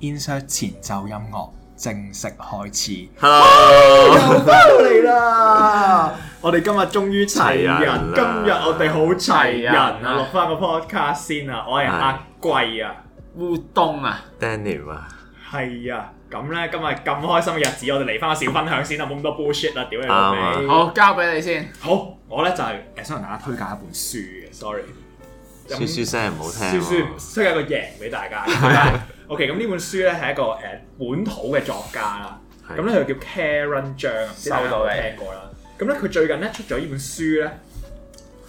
Insert 前奏音樂，正式開始。Hello! 又返嚟啦！我哋今日終於齊人，今日我哋好齊人啊！錄翻個 podcast 先啊！我係阿貴啊，烏冬啊，Denim 啊，係啊！咁咧今日咁開心嘅日子，我哋嚟翻個小分享先啦，冇咁多 bullshit 啦、啊，屌你老味！好，交俾你先。好，我咧就係想同大家推介一本書嘅。Sorry，書書聲唔好聽。書書推一個贏俾大家。 OK，咁呢本書咧係一個誒、呃、本土嘅作家啦，咁咧佢叫 Karen 張，知道有,有聽過啦。咁咧佢最近咧出咗呢本書咧，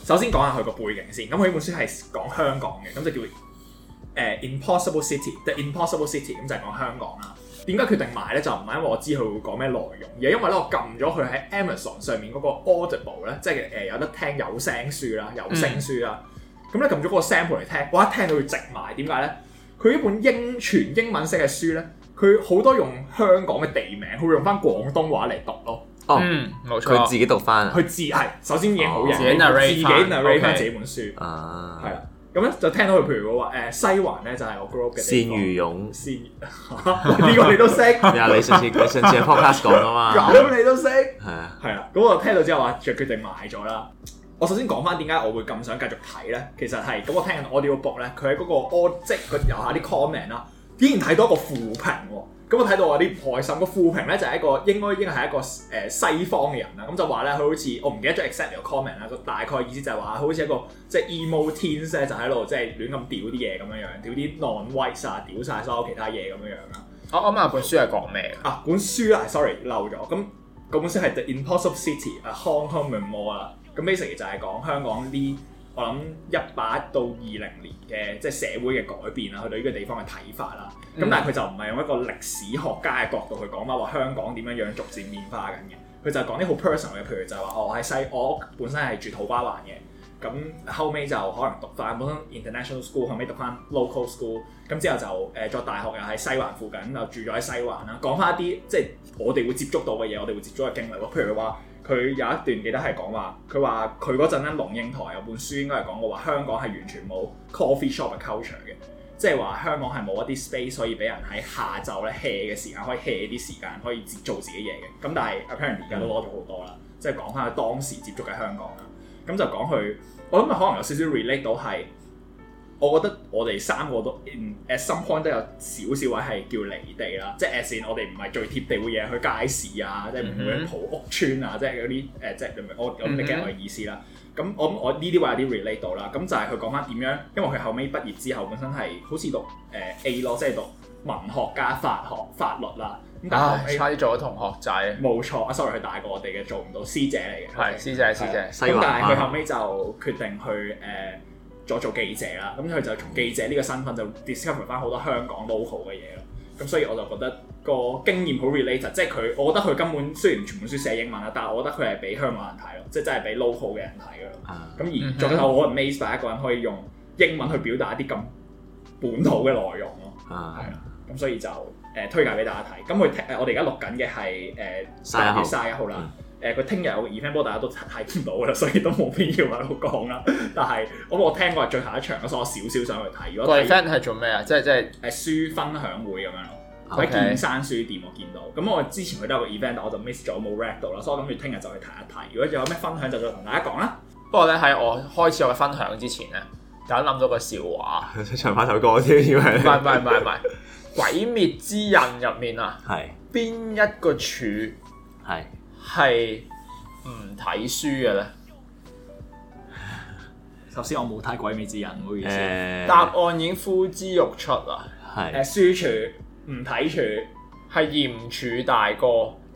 首先講下佢個背景先。咁佢呢本書係講香港嘅，咁就叫 Impossible City，The Impossible City，咁就係講香港啦。點解決定買咧？就唔係因為我知佢會講咩內容，而係因為咧我撳咗佢喺 Amazon 上面嗰個 Audible 咧、就是，即係誒有得聽有聲書啦，有聲書啦。咁咧撳咗嗰個 sample 嚟聽，我一聽到佢直買，點解咧？佢呢本英全英文式嘅書咧，佢好多用香港嘅地名，佢會用翻廣東話嚟讀咯。哦，冇錯，佢自己讀翻，佢自係首先已經好嘅，自己 narrate 翻自己本書。係啦，咁咧就聽到佢譬如話誒西環咧就係我 group 嘅。鱔魚湧，鱔魚呢個你都識。呀，你上次你上次 podcast 講啊嘛，咁你都識。係啊，係啦，咁我就聽到之後話就決定買咗啦。我首先講翻點解我會咁想繼續睇咧，其實係咁。我聽緊 Audio Book 咧，佢喺嗰個阿即佢留下啲 comment 啦，竟然睇到一個負評喎。咁我睇到我啲唔開心。個負評咧就係、是、一個應該應係一個誒、呃、西方嘅人啦。咁、嗯、就話咧，佢好似我唔記得咗 a exact 嘅 comment 啦。個大概意思就係話，好似一個即係 emo teen 咧，就喺度即係亂咁屌啲嘢咁樣樣，屌啲 non-white 啊，屌晒所有其他嘢咁樣樣啦。啊，咁啊本書係講咩啊？本書啊，sorry 漏咗。咁本書係 The Impossible City，啊，Hong Kong Memoir 啦。咁 basically 就係講香港呢，我諗一八到二零年嘅即係社會嘅改變啦，去到呢個地方嘅睇法啦。咁、mm hmm. 但係佢就唔係用一個歷史學家嘅角度去講啦，話香港點樣樣逐漸變化緊嘅。佢就係講啲好 personal 嘅，譬如就話我喺西，我本身係住土瓜灣嘅。咁後尾就可能讀返本身 international school，後尾讀返 local school。咁之後就誒在、呃、大學又喺西環附近，就住咗喺西環啦。講返一啲即係我哋會接觸到嘅嘢，我哋會接觸嘅經歷咯，譬如話。佢有一段記得係講話，佢話佢嗰陣喺龍應台有本書應該係講過話香港係完全冇 coffee shop culture 嘅，即係話香港係冇一啲 space 可以俾人喺下晝咧 hea 嘅時間，可以 hea 啲時間，可以，時間可以做自己嘢嘅。咁但係 apparently 而家都攞咗好多啦，嗯、即係講翻佢當時接觸嘅香港啊，咁就講佢，我諗佢可能有少少 relate 到係。我覺得我哋三個都，誒，at some point 都有少少位係叫離地啦，即係誒，算我哋唔係最貼地嘅嘢，去街市啊，mm hmm. 即係唔會喺土屋村啊，即係嗰啲誒，即係我我明唔明我嘅意思啦？咁、mm hmm. 我我呢啲話有啲 relate 到啦。咁就係佢講翻點樣，因為佢後尾畢業之後，本身係好似讀誒 A 咯，即係讀文學加、法學法律啦。但啊，差啲做咗同學仔。冇錯啊，sorry，佢大過我哋嘅，做唔到師姐嚟嘅。係師姐師姐。咁但係佢後尾就決定去誒。呃咗做,做記者啦，咁佢就從記者呢個身份就 discover 翻好多香港 local 嘅嘢咯。咁、mm hmm. 所以我就覺得個經驗好 related 即係佢，我覺得佢根本雖然全部書寫英文啦，但係我覺得佢係俾香港人睇咯，即、就、係、是、真係俾 local 嘅人睇㗎咯。咁、uh huh. 而最後、mm hmm. 我 amazed 一個人可以用英文去表達一啲咁本土嘅內容咯。係啊、uh，咁、huh. 所以就誒、呃、推介俾大家睇。咁佢誒我哋而家錄緊嘅係誒三月三十一號啦。呃後後誒佢聽日有個 event，不過大家都睇唔到噶啦，所以都冇必要喺度講啦。Sagen, 但係，我我聽過係最後一場，所以我少少想去睇。The 如果 event 係做咩啊？即係即係誒書分享會咁樣咯。喺見山書店我見到。咁我之前佢得一個 event，我就 miss 咗冇 read 到啦。所以我諗住聽日就去睇一睇。如果有咩分享就再同大家講啦。不過咧喺我開始我嘅分享之前咧，大家諗咗個笑話，唱翻首歌先，因為唔係唔係唔係《 鬼滅之刃》入面啊，係邊い一個柱係？係唔睇書嘅咧？首先我冇睇《鬼滅之刃》唔好意思。欸、答案已經呼之欲出啦。係是。誒書柱唔睇柱，係嚴柱大哥。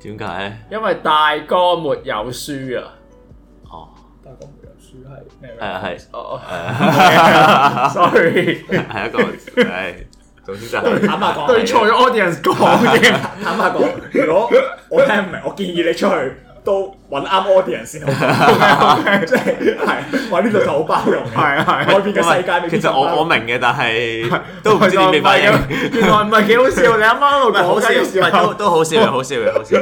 點解？因為大哥沒有書啊。哦。大哥沒有書係咩？係啊係。哦。sorry。係一個。係。首先就係、對坦白講，對錯嘅 audience 講嘅，坦白講，對白如果我聽唔明， 我建議你出去都。揾啱 all 啲人先，即係係，我呢度就好包容嘅。係啊係啊，外邊嘅世界其實我我明嘅，但係都唔知你咩反應。原來唔係幾好笑，你啱啱一路講都好笑，唔係都都好笑嘅，好笑嘅，好笑。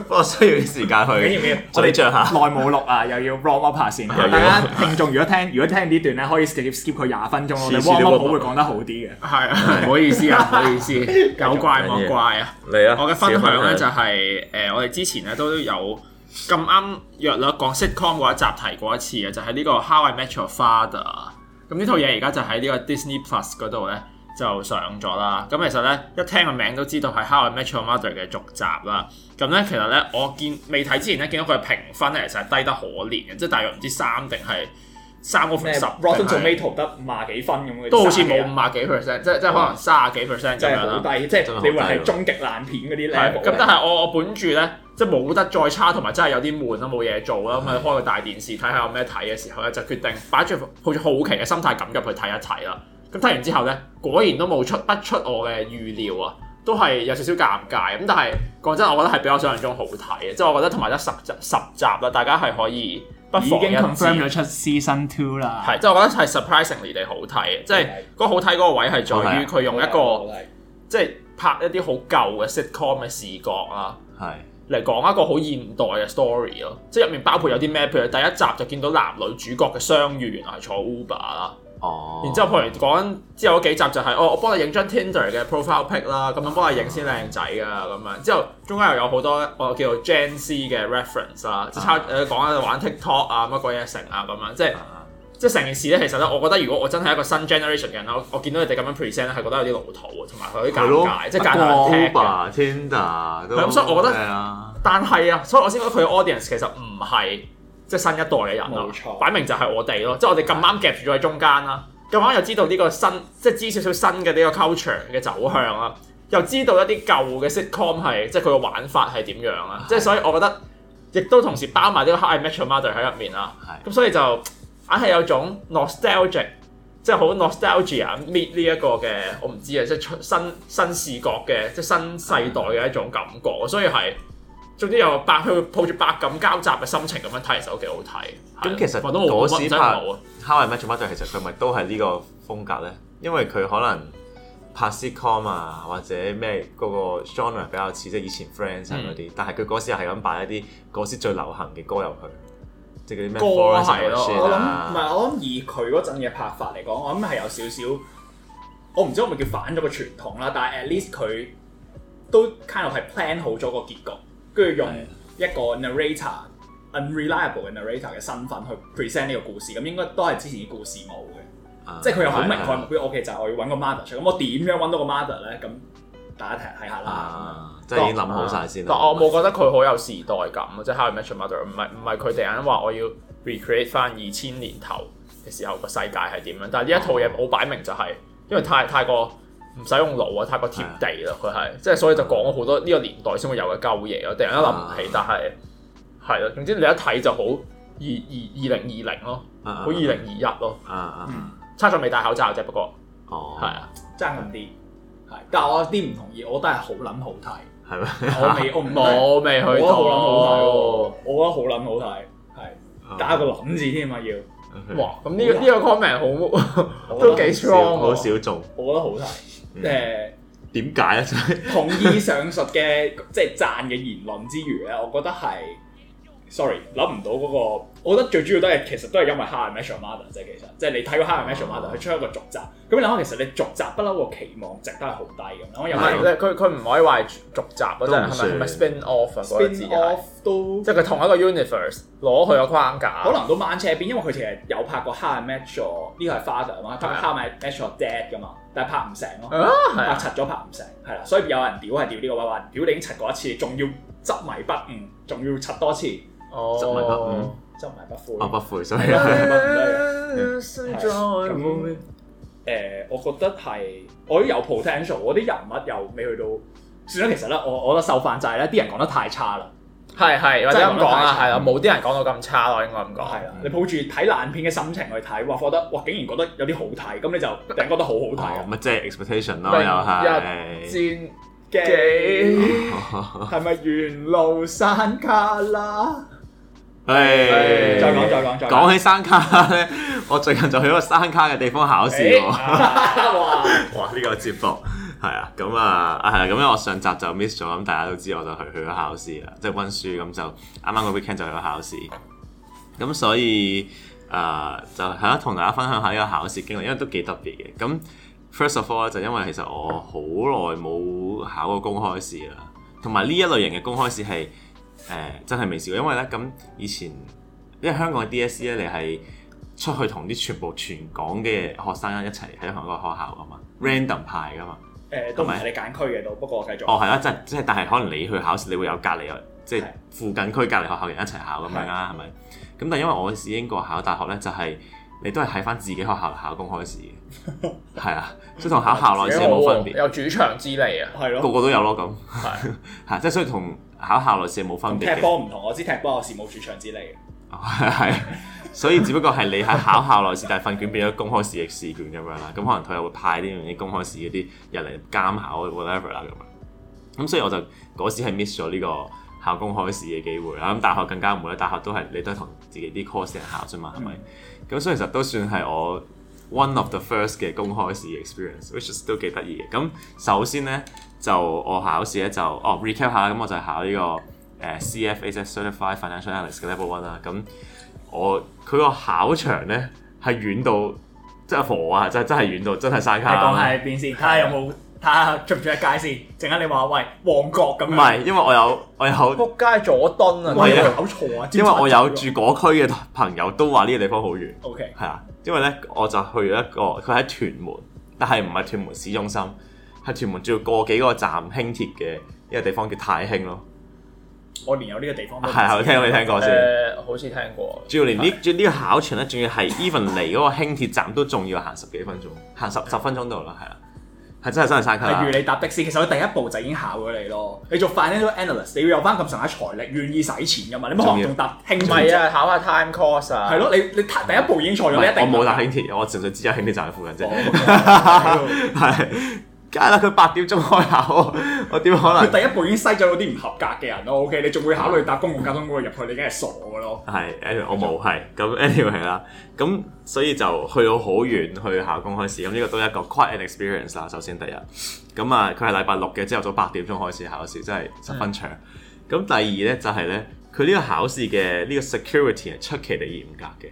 不過需要啲時間去，我哋著下內冇錄啊，又要 warm up 下先。大家聽眾如果聽，如果聽呢段咧，可以 skip skip 佢，廿分鐘我好會講得好啲嘅。係啊，唔好意思啊，唔好意思，有怪冇怪啊？嚟啊！我嘅分享咧就係誒，我哋之前咧都有。咁啱約啦，講 sitcom 嗰一集提過一次嘅，就喺、是、呢個 How I Met Your Father。咁呢套嘢而家就喺呢個 Disney Plus 嗰度咧，就上咗啦。咁其實咧，一聽個名都知道係 How I Met Your Mother 嘅續集啦。咁咧其實咧，我見未睇之前咧，見到佢嘅評分咧，其實,其實低得可憐嘅，即、就、係、是、大約唔知三定係三個分十。Rotten Tomato 得五廿幾分咁嘅，都好似冇五廿幾 percent，即係即係可能三十幾 percent，真係好低。即係你話係終極爛片嗰啲咧。咁但係我我本住咧。即係冇得再差，同埋真係有啲悶啦，冇嘢做啦，咁啊的開個大電視睇下有咩睇嘅時候咧，就決定擺住抱住好奇嘅心態，咁入去睇一睇啦。咁睇完之後咧，果然都冇出不出我嘅預料啊，都係有少少尷尬咁。但係講真，我覺得係比我想像中好睇嘅，即係我覺得同埋得十集十集啦，大家係可以不已經 confirm 咗出 season two 啦。係即係我覺得係 surprisingly 地好睇，的即係嗰好睇嗰個位係在於佢用一個即係拍一啲好舊嘅 sitcom 嘅視覺啊。的嚟講一個好現代嘅 story 咯，即係入面包括有啲咩，譬如第一集就見到男女主角嘅相遇，原來係坐 Uber 啦。哦。然之後譬如講之後嗰幾集就係哦，我幫你影張 Tinder 嘅 profile pic 啦，咁樣幫你影先靚仔㗎，咁樣。之後中間又有好多我、哦、叫做 Gen Z 嘅 reference 啦，即差誒講緊玩 TikTok 啊，乜鬼嘢成啊，咁樣即係。即係成件事咧，其實咧，我覺得如果我真係一個新 generation 嘅人咧，我見到你哋咁樣 present 咧，係覺得有啲老土，同埋有啲尷尬，的即係尷尬 t i 咁，所以我覺得，但係啊，所以我先覺得佢嘅 audience 其實唔係即係新一代嘅人啦，擺錯明就係我哋咯。即係我哋咁啱夾住咗喺中間啦，咁啱又知道呢個新，即係知少少新嘅呢個 culture 嘅走向啦，又知道一啲舊嘅 sitcom 係即係佢嘅玩法係點樣啦。的即係所以，我覺得亦都同時包埋啲 h i m a t e mother 喺入面啊。咁的的所以就。硬係有種 nostalgic，即係好 nostalgia meet 呢一個嘅我唔知啊，即係新新視覺嘅即係新世代嘅一種感覺，嗯、所以係總之有白，佢抱住百感交集嘅心情咁樣睇嚟，首幾好睇。咁其實我都好問真冇啊。How I Met Your Mother 其實佢咪都係呢個風格咧，因為佢可能拍 sitcom 啊或者咩嗰、嗰個 genre 比較似即係以前 Friends 嗰啲，嗯、但係佢嗰時係咁擺一啲嗰時最流行嘅歌入去。咩歌係咯，我諗唔係，我諗以佢嗰陣嘅拍法嚟講，我諗係有少少，我唔知我咪叫反咗個傳統啦。但係 at least 佢都 kind of 係 plan 好咗個結局，跟住用一個 narrator 的 unreliable 嘅 narrator 嘅身份去 present 呢個故事，咁應該都係之前啲故事冇嘅，啊、即係佢又好明確目標，OK 就我要揾個 mother 出，咁我點樣揾到個 mother 咧？咁大家睇睇下啦。啊啊即係已經諗好晒先啦、啊。但我冇覺得佢好有時代感啊！即係《How I Met Your Father》唔係唔係佢突然間話我要 recreate 翻二千年頭嘅時候個世界係點樣？但係呢一套嘢冇擺明就係、是，因為太太過唔使用腦啊，太過貼地啦。佢係、啊、即係所以就講咗好多呢個年代先會有嘅舊嘢咯。突然間諗唔起，啊、但係係啦。總之你一睇就好二二二零二零咯，好二零二一咯。啊啊啊、差咗未戴口罩啫。不過哦，係啊，爭咁啲係。啊、點但我啲唔同意，我覺得係好諗好睇。係咩？我未，我未唔，我未去到。我覺得好撚好睇，係加， 個撚字添嘛要。哇！咁呢個呢個 comment 好都幾 strong。好少做，我覺得好睇。即誒點解咧？就係同意上述嘅即係讚嘅言論之餘咧，我覺得係 sorry 諗唔到嗰個。我覺得最主要都係其實都係因為《How I Met Your Mother》即係其實即係你睇過《How I Met Your Mother》，佢出一個續集，咁你諗下其實你續集不嬲個期望值都係好低嘅。諗下有佢佢唔可以話續集嗰陣係咪 spin off 嗰個字 spin off 都即係佢同一個 universe 攞佢個框架。可能都掹車邊？因為佢其實有拍過《How I Met Your》，呢個係 father 啊嘛，拍《How I Met Your Dad》噶嘛，但係拍唔成咯，拍拆咗拍唔成，係啦，所以有人屌係屌呢個娃娃，屌已經拆過一次，仲要執迷不悟，仲要拆多次，哦、執迷不悟。就唔係不悔，哦、不悔所以係。我覺得係，我啲有 potential，我啲人物又未去到。算啦，其實咧，我我覺得受犯就係咧，啲人講得太差啦。係係，或者咁講啊，係啦，冇啲人講到咁差咯，我應該咁講。係啦，係係你抱住睇爛片嘅心情去睇，哇、啊，覺得哇，竟然覺得有啲好睇，咁你就突然覺得好好睇、啊。咪即係 expectation 咯，ex 又係一戰幾係咪沿路山卡拉？係，再講再講，講起山卡咧， 我最近就去咗個山卡嘅地方考試喎。Hey, uh, 哇，呢哇個接駁，係 啊，咁啊，係啊，咁樣我上集就 miss 咗，咁大家都知，我就去去咗考試啦，即係溫書，咁就啱啱個 weekend 就去咗考試。咁所以誒、呃，就係咧，同大家分享下呢個考試經歷，因為都幾特別嘅。咁 first of all 就因為其實我好耐冇考過公開試啦，同埋呢一類型嘅公開試係。誒、呃、真係未試過，因為咧咁以前，因為香港嘅 DSE 咧，你係出去同啲全部全港嘅學生一齊喺同一個學校啊嘛，random 派噶嘛，誒、嗯呃、都唔係你揀區嘅都，是不過我繼續。哦係啦，即係即係，但係可能你去考試，你會有隔離，即、就、係、是、附近區隔離學校人一齊考咁樣啦，係咪的？咁但係因為我喺英國考大學咧，就係、是、你都係喺翻自己學校考公開試嘅，係啊， 所以同考校內試冇分別、 啊，有主場之利啊，係咯，個 個都有咯，咁係即係所以同，考校內試冇分別，踢波唔同。我知踢波我時冇主場之利嘅，係， 所以只不過係你喺考校內試， 但係份卷變咗公開試嘅試卷咁樣啦。咁可能佢又會派啲啲公開試嗰啲人嚟監考 whatever 啦咁。咁所以我就嗰時係 miss 咗呢個考公開試嘅機會啦。咁大學更加唔會啦，大學都係你都係同自己啲 course 人考啫嘛，係咪、嗯？咁所以其實都算係我 one of the first 嘅公開試嘅 experience，which 都幾得意嘅。咁首先咧。就我考試咧，就哦、oh, recap 下，咁我就考呢、呢個誒 Yeah.、uh, CFA 即係 Certified Financial Analyst 嘅 level one 啦。咁我佢個考場咧係遠到即係火啊！真真係遠到，真係曬卡。對吧你講喺邊先？睇下有冇睇下出唔出界先。陣間你話喂，旺角咁。唔係，因為我有我有撲街佐敦啊，我喂有搞錯啊。因為我有住嗰區嘅朋友都話呢個地方好遠。OK，係啊，因為咧我就去咗一個佢喺屯門，但係唔係屯門市中心。喺屯門仲要過幾個站輕鐵嘅一個地方叫太興咯。我連有呢個地方係啊，我聽未聽過先。好似聽過。仲要連呢，仲呢個考場咧，仲要係 even 離嗰個輕鐵站都仲要行十幾分鐘，行十十分鐘度啦，係啦，係真係真係山區。如你搭的士，其實佢第一步就已經考咗你咯。你做 financial analyst，你要有翻咁上下財力，願意使錢噶嘛？你冇可能仲搭輕鐵唔係啊？考下 time cost 啊。係咯，你你第一步已經錯咗，我一定。我冇搭輕鐵，我純粹知有輕鐵站喺附近啫。係。梗係啦，佢八點鐘開考，我點可能？佢第一步已經篩咗嗰啲唔合格嘅人咯。OK，你仲會考慮搭公共交通工具入去？你梗係傻嘅咯。係是， 我冇係。咁 anyway 啦，咁所以就去到好遠去考公開試。咁呢個都係一個 quite an experience 啦。首先第一，咁啊，佢係禮拜六嘅朝頭早八點鐘開始考試，真係十分長。咁 第二咧就係、是、咧，佢呢個考試嘅呢個 security 係出奇地嚴格嘅，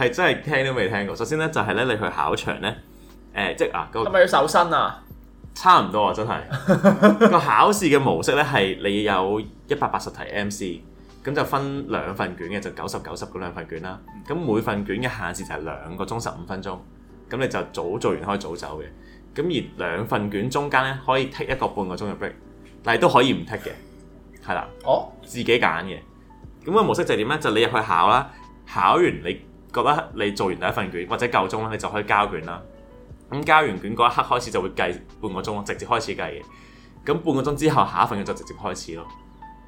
係真係聽都未聽過。首先咧就係、是、咧，你去考場咧，誒、呃，即係啊、那個係咪要手身啊？差唔多啊，真係個 考試嘅模式咧，係你有一百八十題 MC，咁就分兩份卷嘅，就九十九十嗰兩份卷啦。咁每份卷嘅限時就係兩個鐘十五分鐘，咁你就早做完可以早走嘅。咁而兩份卷中間咧可以剔一個半個鐘入去，但係都可以唔剔嘅，係啦，哦，自己揀嘅。咁個模式就係點咧？就你入去考啦，考完你覺得你做完第一份卷或者夠鐘啦，你就可以交卷啦。咁交完卷嗰一刻開始就會計半個鐘咯，直接開始計嘅。咁半個鐘之後，下一份卷就直接開始咯。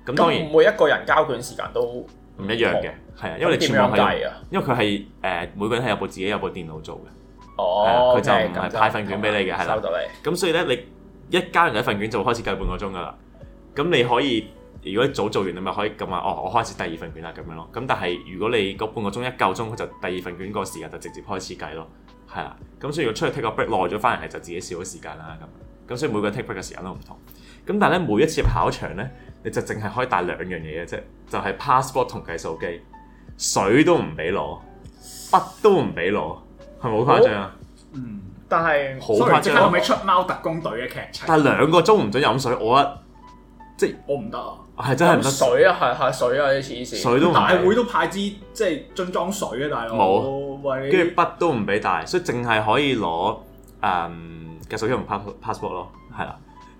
咁當然每一個人交卷時間都唔一樣嘅，係啊同，因為你全部係因為佢係誒每個人係有部自己有部電腦做嘅。哦，佢就唔係派份卷俾你嘅，係啦樣。咁的所以咧，你一交完一份卷就會開始計半個鐘噶啦。咁你可以如果早做完你咪可以咁話哦，我開始第二份卷啦咁樣咯。咁但係如果你個半個鐘一夠鐘，佢就第二份卷個時間就直接開始計咯。係啦，咁所以要出去 take 個 break 耐咗翻嚟，就自己少咗時間啦。咁，咁所以每個 take break 嘅時間都唔同。咁但係咧，每一次考場咧，你就淨係可以帶兩樣嘢嘅啫，就係 passport 同計數機，水都唔俾攞，筆都唔俾攞，係咪好誇張啊？嗯，但係好誇張。所以即係咪出貓特工隊嘅劇情？但係兩個鐘唔准飲水，我覺得即係我唔得啊。係、啊、真係唔得水啊，係係水啊水都唔帶，但大會都派支即係樽裝水嘅，、啊、大佬。冇沒，跟住喂筆都唔俾帶，所以淨係可以攞誒嘅手機同 pass passport 咯，係啦。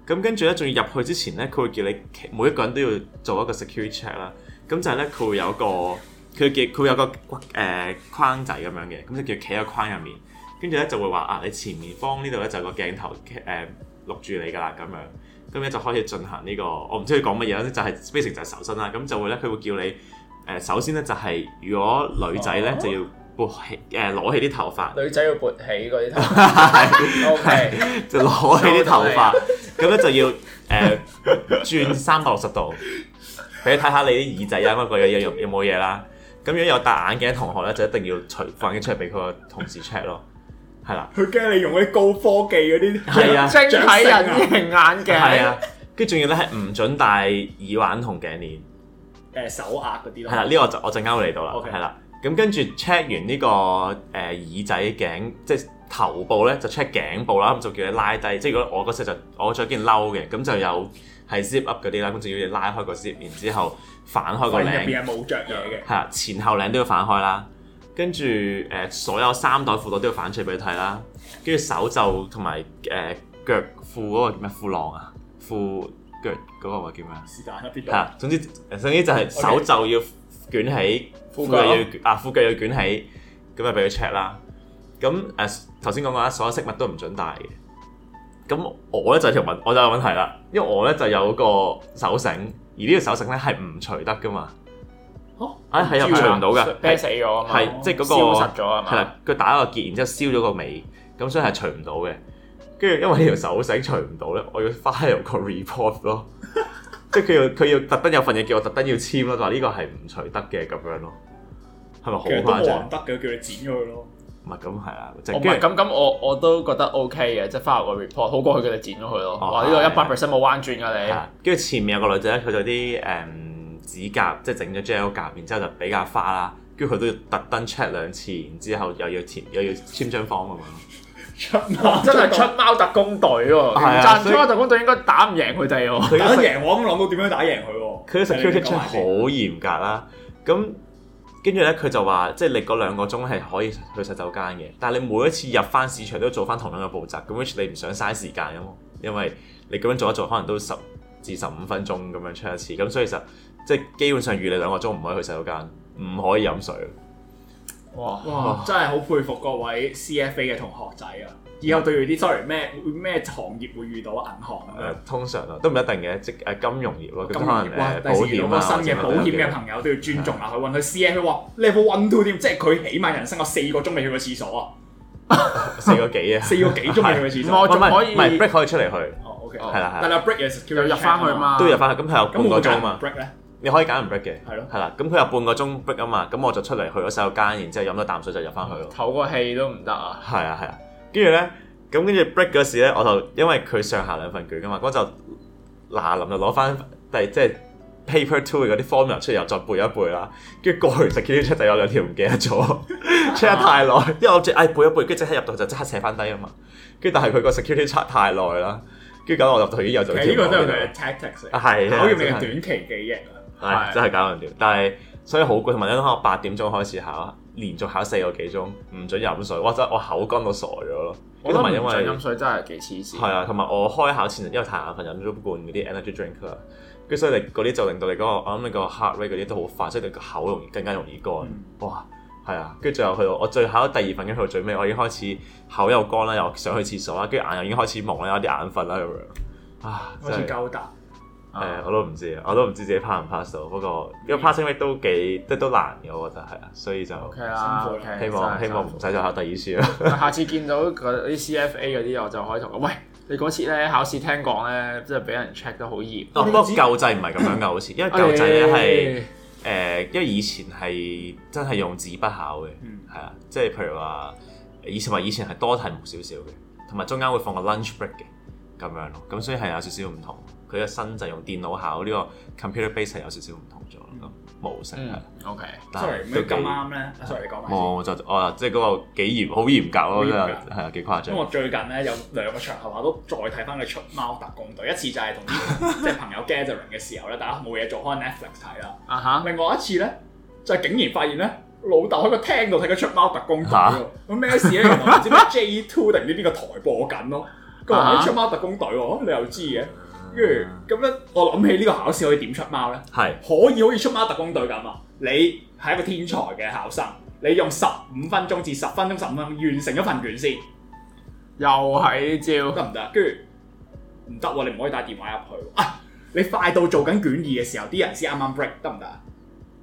咁跟住咧，仲要入去之前咧，佢會叫你每一個人都要做一個 security check 啦。咁就係咧，佢會有一個佢叫佢有個誒、呃、框仔咁樣嘅，咁就叫企喺個框入面。跟住咧就會話啊，你前面方呢度咧就有個鏡頭誒錄住你㗎啦咁樣。咁咧就開始進行呢、這個，我唔知佢講乜嘢咧，就係非常就係搜身啦。咁就會咧，佢會叫你誒首先咧就係如果女仔咧、啊、就要撥起誒攞起啲頭髮，女仔要撥起嗰啲頭髮，就攞起啲頭髮。咁咧就要誒、呃、轉三百六十度，俾你睇下你啲耳仔有乜鬼嘢，有冇嘢啦。咁如果有戴眼鏡同學咧，就一定要除放啲出嚟俾佢個同事 check 咯。係啦，佢驚你用啲高科技嗰啲，係啊，睇、啊、人形眼鏡。係啊，跟住仲要咧係唔准戴耳環同頸鏈。誒手鐲嗰啲咯。係啦、啊，呢、這個我就我陣間會嚟到啦。係啦 Okay.、啊，咁跟住 check 完呢、這個誒、呃、耳仔頸，即係頭部咧就 check 頸部啦，咁就叫你拉低。即係如果我嗰時就我着件褸嘅，咁就有係 zip up 嗰啲啦。咁仲要你拉開個 zip，然之後反開個領。入邊係冇着嘢嘅。係啊，前後領都要反開啦。跟住誒、呃，所有三袋褲袋都要反出嚟俾佢睇啦。跟住手袖同埋誒腳褲嗰個叫咩褲浪啊？褲腳嗰個話叫咩？時間一啲。總之總之就係手袖要捲起，嗯、褲腳要捲腳啊，褲腳要捲起，咁啊俾佢 check 啦。咁誒頭先講過啦，所有飾物都唔準戴嘅。咁我咧就條問我就有問題啦，因為我咧就有個手繩，而呢條手繩咧係唔除得噶嘛。啊，係啊，係除唔到噶 freeze 咗啊嘛，係即係嗰個，消失咗啊嘛，係佢打一個結，然之後燒咗個尾，咁所以係除唔到嘅。跟住因為呢條手繩除唔到咧，我要 file 個 report 咯，即係佢要佢要特登有份嘢叫我特登要簽啦，話呢個係唔除得嘅咁樣咯，係咪好誇張？唔得嘅，叫佢剪咗佢咯。唔係咁係啊，即係唔係咁咁，我我都覺得 OK 嘅，即係 file 個 report，好過佢叫你剪咗佢咯。哇，呢個一百 percent 冇彎轉噶你。跟住前面有個女仔咧，佢就啲誒。指甲即係整咗 gel 甲面，之後就比較花啦，跟住佢都要特登 check 兩次，然之後又要填又要簽張 form。咁樣 馬。出貓、哦、真係出貓特工隊喎！係啊，出貓特工隊應該打唔贏佢哋喎。打贏我咁諗到點樣打贏佢喎？佢啲 security 好嚴格啦。咁跟住咧，佢就話即係你嗰兩個鐘係可以去洗手間嘅，但係你每一次入翻市場都要做翻同樣嘅步驟，咁 which 你唔想嘥時間㗎嘛？因為你咁樣做一做可能都十至十五分鐘咁樣出一次，咁所以就。即係基本上預你兩個鐘唔可以去洗手間，唔可以飲水。哇哇，真係好佩服各位 CFA 嘅同學仔啊！以後對住啲 sorry 咩咩行業會遇到銀行，通常啊都唔一定嘅，即誒金融業咯。金融業誒，例如有個新嘅保險嘅朋友都要尊重下佢問佢 CFA 你有冇 level one two 即係佢起碼人生有四個鐘未去過廁所啊，四個幾啊，四個幾鐘未去過廁所，我仲可以 break 可以出嚟去。哦，OK，係啦係但係 break 又入翻去啊嘛，都入翻去，咁係有五個鐘啊嘛。你可以揀唔 break 嘅，係咯的，係啦，咁佢有半個鐘 break 啊嘛，咁我就出嚟去咗洗手間，然之後飲咗啖水就入翻去咯。唞個氣都唔得啊！係啊係啊，跟住咧，咁跟住 break 嗰時咧，我就因為佢上下兩份卷噶嘛，咁就嗱臨就攞翻第即係 paper two 嗰啲 formula 出嚟又再背一背啦。跟住過去 security check 就有兩條唔記得咗，check 太耐，因為我諗住唉背一背，跟住即刻入到就即刻寫翻低啊嘛。跟住但係佢個 security check 太耐啦，跟住咁我就對於有做呢個都係 tactics，係考驗你嘅短期記憶。 係的真係搞唔掂，但係所以好攰，同埋咧我八點鐘開始考，連續考四個幾鐘，唔準飲水，或者我口乾到傻咗咯，我都也唔準飲水，真係幾黐線。係啊，同埋我開考前因為太眼瞓飲咗罐嗰啲 energy drink 啦，跟住所以你嗰啲就令到你嗰、嗰個我諗你個 heart rate 嗰啲都好快，所以你個口容易更加容易乾，嗯、哇係啊，跟住最後去到我最後考第二份跟住最尾，我已經開始口又乾啦，又想去廁所啦，跟住眼又已經開始朦啦，又有啲眼瞓啦咁樣，啊真係交大。誒、uh,，我都唔知，我都唔知自己 pass 唔、uh, pass 到？不過，因為 passing rate 都幾，都都難嘅，我覺得係啊，所以就 okay, okay, 希望希望唔使再考第二次啦、嗯。下次見到啲 CFA 嗰啲，我就可以同佢講，喂，你嗰次咧考試聽講咧，即係俾人 check 得好嚴。嗯、不過舊制唔係咁樣嘅，好似 因為舊制咧係誒， 因為以前係真係用紙筆考嘅，係啊、嗯，即係譬如話以前話以前係多題目少少嘅，同埋中間會放個 lunch break 嘅咁樣咯，咁所以係有少少唔同。佢嘅新就用電腦考呢個 computer base 係有少少唔同咗，咁模式係 OK，sorry 咁啱咧？sorry 你講埋。冇，就哦，即係嗰個幾嚴，好嚴格咯，係啊，幾誇張。咁我最近咧有兩個場合啊，都再睇翻佢出貓特工隊。一次就係同啲即係朋友 gathering 嘅時候咧，大家冇嘢做，開 Netflix 睇啦。啊哈！另外一次咧，就係竟然發現咧，老豆喺個廳度睇佢出貓特工隊。嚇！咁咩事？原來唔知咩 J Two 定呢啲個台播緊咯？個出貓特工隊喎，你又知嘅？跟住咁樣，我諗起呢個考試可以點出貓咧？係是可以可以出貓特工隊咁啊！你係一個天才嘅考生，你用十五分鐘至十分鐘十五分鐘完成一份卷先。又係招得唔得？跟住唔得，你唔可以帶電話入去啊！你快到做緊卷二嘅時候，啲人先啱啱 break 得唔得啊？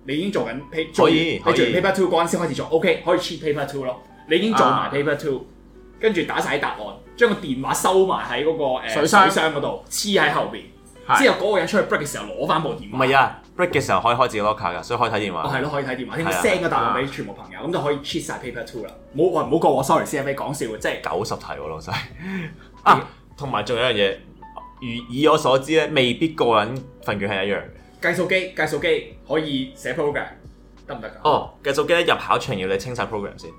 你已經做緊 paper 可以，做完 paper two 嗰陣先開始做，OK 可以 cheat paper two 咯。你已經做埋 paper two，跟住打晒答案。將個電話收埋喺嗰個水箱嗰度，黐喺後邊。是的 之後嗰個人出去 break 嘅時候攞翻部電話。唔係啊，break 嘅時候可以開自己 locker 噶，所以可以睇電話。哦，係咯，可以睇電話，聽 send 嘅答案俾全部朋友，咁的就可以 cheat 曬 paper two 啦。冇，唔好過我。Sorry，冇講笑嘅，即係九十題喎老細。 啊，同埋仲有一樣嘢，如以，以我所知咧，未必個人份卷係一樣嘅。計數機，計數機可以寫 program 得唔得㗎？哦，計數機咧入考場要你清晒 program 先。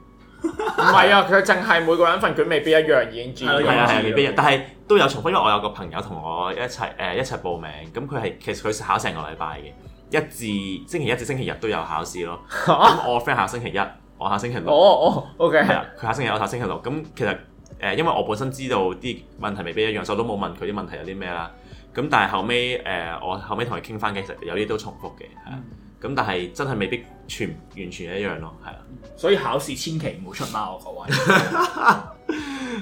唔係 啊，佢淨係每個人份卷未必一樣，已經注咗，係啊未必一樣，啊、但係都有重複。因為我有個朋友同我一齊，誒、呃、一齊報名，咁佢係其實佢考成個禮拜嘅，一至星期一至星期日都有考試咯。咁、啊、我 friend 下星期一，我下星期六。哦哦，OK，係啦、啊。佢下星期一，我下星期六。咁其實誒、呃，因為我本身知道啲問題未必一樣，所以我都冇問佢啲問題有啲咩啦。咁但係後尾，誒、呃，我後尾同佢傾翻嘅，其實有啲都重複嘅吓。咁但係真係未必全完全一樣咯，係啊。所以考試千祈唔好出貓，各位，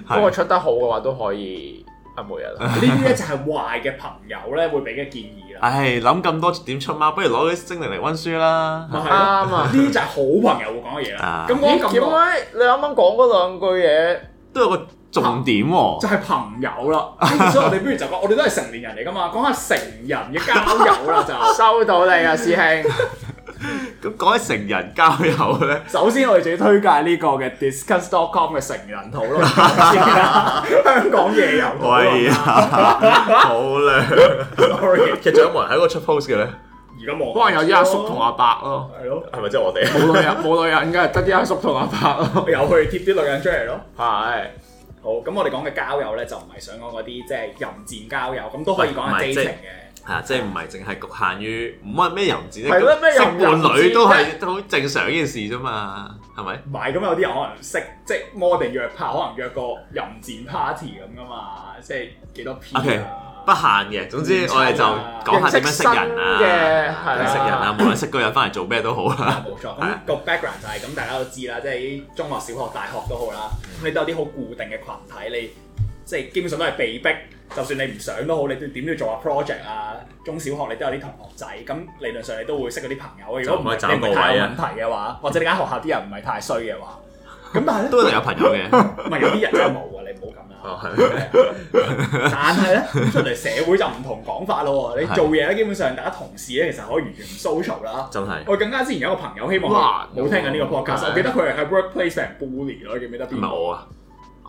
不過 出得好嘅話都可以啊冇嘢啦。呢啲咧就係壞嘅朋友咧會俾嘅建議啦。唉、哎，諗咁多點出貓，不如攞啲精靈嚟温書啦。啱啊，呢啲、 啊、就係好朋友會講嘅嘢啦。咁我點解你啱啱講嗰兩句嘢都有個？重點喎、哦，就係朋友啦、嗯，所以我哋不如就講，我哋都係成年人嚟噶嘛，講下成人嘅交友啦就。收到你啊師兄。咁講 起成人交友咧，首先我哋自己推介呢、這個嘅 discuss dot com 嘅成人討論 香港夜遊，係啊、哎，好靚。其實有冇人喺嗰出 post 嘅咧？而家冇，可能有啲阿叔同阿伯咯、哦。係咯了，係咪即係我哋？冇女人，冇 女人㗎，得啲阿叔同阿伯咯。又去貼啲女人出嚟咯。係。是好咁，我哋講嘅交友咧，就唔係想講嗰啲即係淫賤交友，咁都可以講係基情嘅。係即係唔係淨係局限於唔係咩淫賤。係咩識男女都係都好正常呢件事啫嘛，係咪的？唔係咁有啲人可能識即係摩定約炮，可能約個淫賤 party 咁噶嘛，即係幾多 P 啊？Okay. 不限嘅，總之我哋就講下點樣識人啊，識人啊， 無論識個人翻嚟做咩都好啦。冇 錯，個 background 就係、是、咁，大家都知道啦，即係啲中學、小學、大學都好啦。咁、嗯、你都有啲好固定嘅群體，你即係基本上都係被逼，就算你唔想都好，你都點都要做下 project 啊。中小學你都有啲同學仔，咁理論上你都會識嗰啲朋友。如果唔係太有問題嘅話，或者你間學校啲人唔係太衰嘅話。咁但係咧都一定有朋友嘅，唔係有啲人就冇啊！你唔好咁啦。哦，係。但係咧出嚟社會就唔同講法咯。 你做嘢咧基本上，大家同事咧其實可以完全唔 social s o c i a l 啦。真係。我更加之前有一個朋友希望冇聽緊呢個 podcast， 的我記得佢係喺 workplace 畀人 bully 咯，記唔記得邊個啊？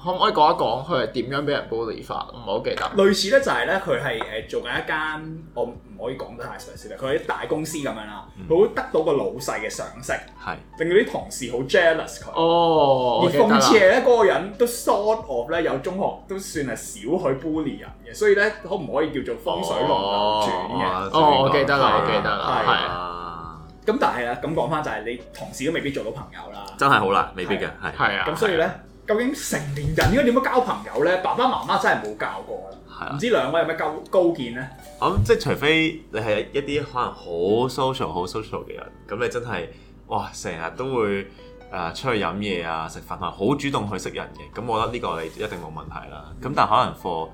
可唔可以講一講佢係點樣俾人 bully 化？唔好記得。類似咧就係咧，佢係誒做緊一間，我唔可以講得太詳細。佢喺大公司咁樣啦，佢會得到個老細嘅賞識，係令到啲同事好 jealous 佢。哦，而諷刺咧，嗰個人都 sort of 咧有中學都算係少許 bully 人嘅。所以咧可唔可以叫做風水輪流轉嘅？我記得啦，記得啦，係啊。咁但係咧，咁講翻就係你同事都未必做到朋友啦。真係好啦，未必嘅，係係啊。咁所以咧。究竟成年人應該點樣交朋友呢？爸爸媽媽真係冇教過，唔是、啊、知兩位有咩高見呢？咁、嗯、即係除非你係一啲可能好 social、好 social 嘅人，咁你真係哇成日都會、呃、出去飲嘢啊、食飯啊，好主動去識人嘅。咁我覺得呢個你一定冇問題啦。咁、嗯、但可能 for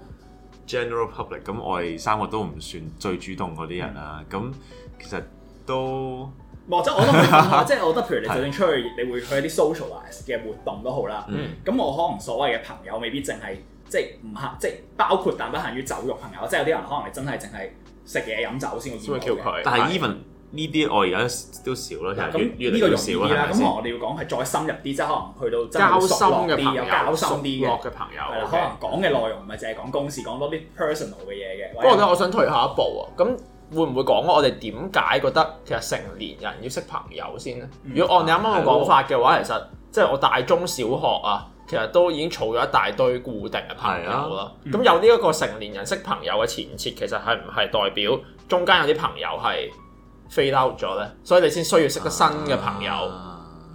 general public，咁我哋三個都唔算最主動嗰啲人啦、啊。咁、嗯、其實都。或者我都會咁，即係我覺得，譬如你就算出去，你會去一啲 socialize 嘅活動都好啦。咁我可能所謂嘅朋友，未必淨係即係唔客，即係包括，但不限於酒肉朋友。即係有啲人可能係真係淨係食嘢飲酒先會叫佢。但係 even 呢啲我而家都少咯，其實越嚟越少啦。咁我哋要講係再深入啲，即係可能去到交心啲，有交心啲嘅朋友。可能講嘅內容唔係淨係講公事，講多啲 personal 嘅嘢嘅。不過我想退下一步啊，咁。會唔會講我哋點解覺得其實成年人要識朋友先咧？嗯、如果按你啱啱個講法嘅話，嗯、其實即係我大中小學啊，其實都已經儲咗一大堆固定嘅朋友啦。咁、嗯、有呢一個成年人識朋友嘅前設，其實係唔係代表中間有啲朋友係 fade out 咗呢？所以你先需要識得新嘅朋友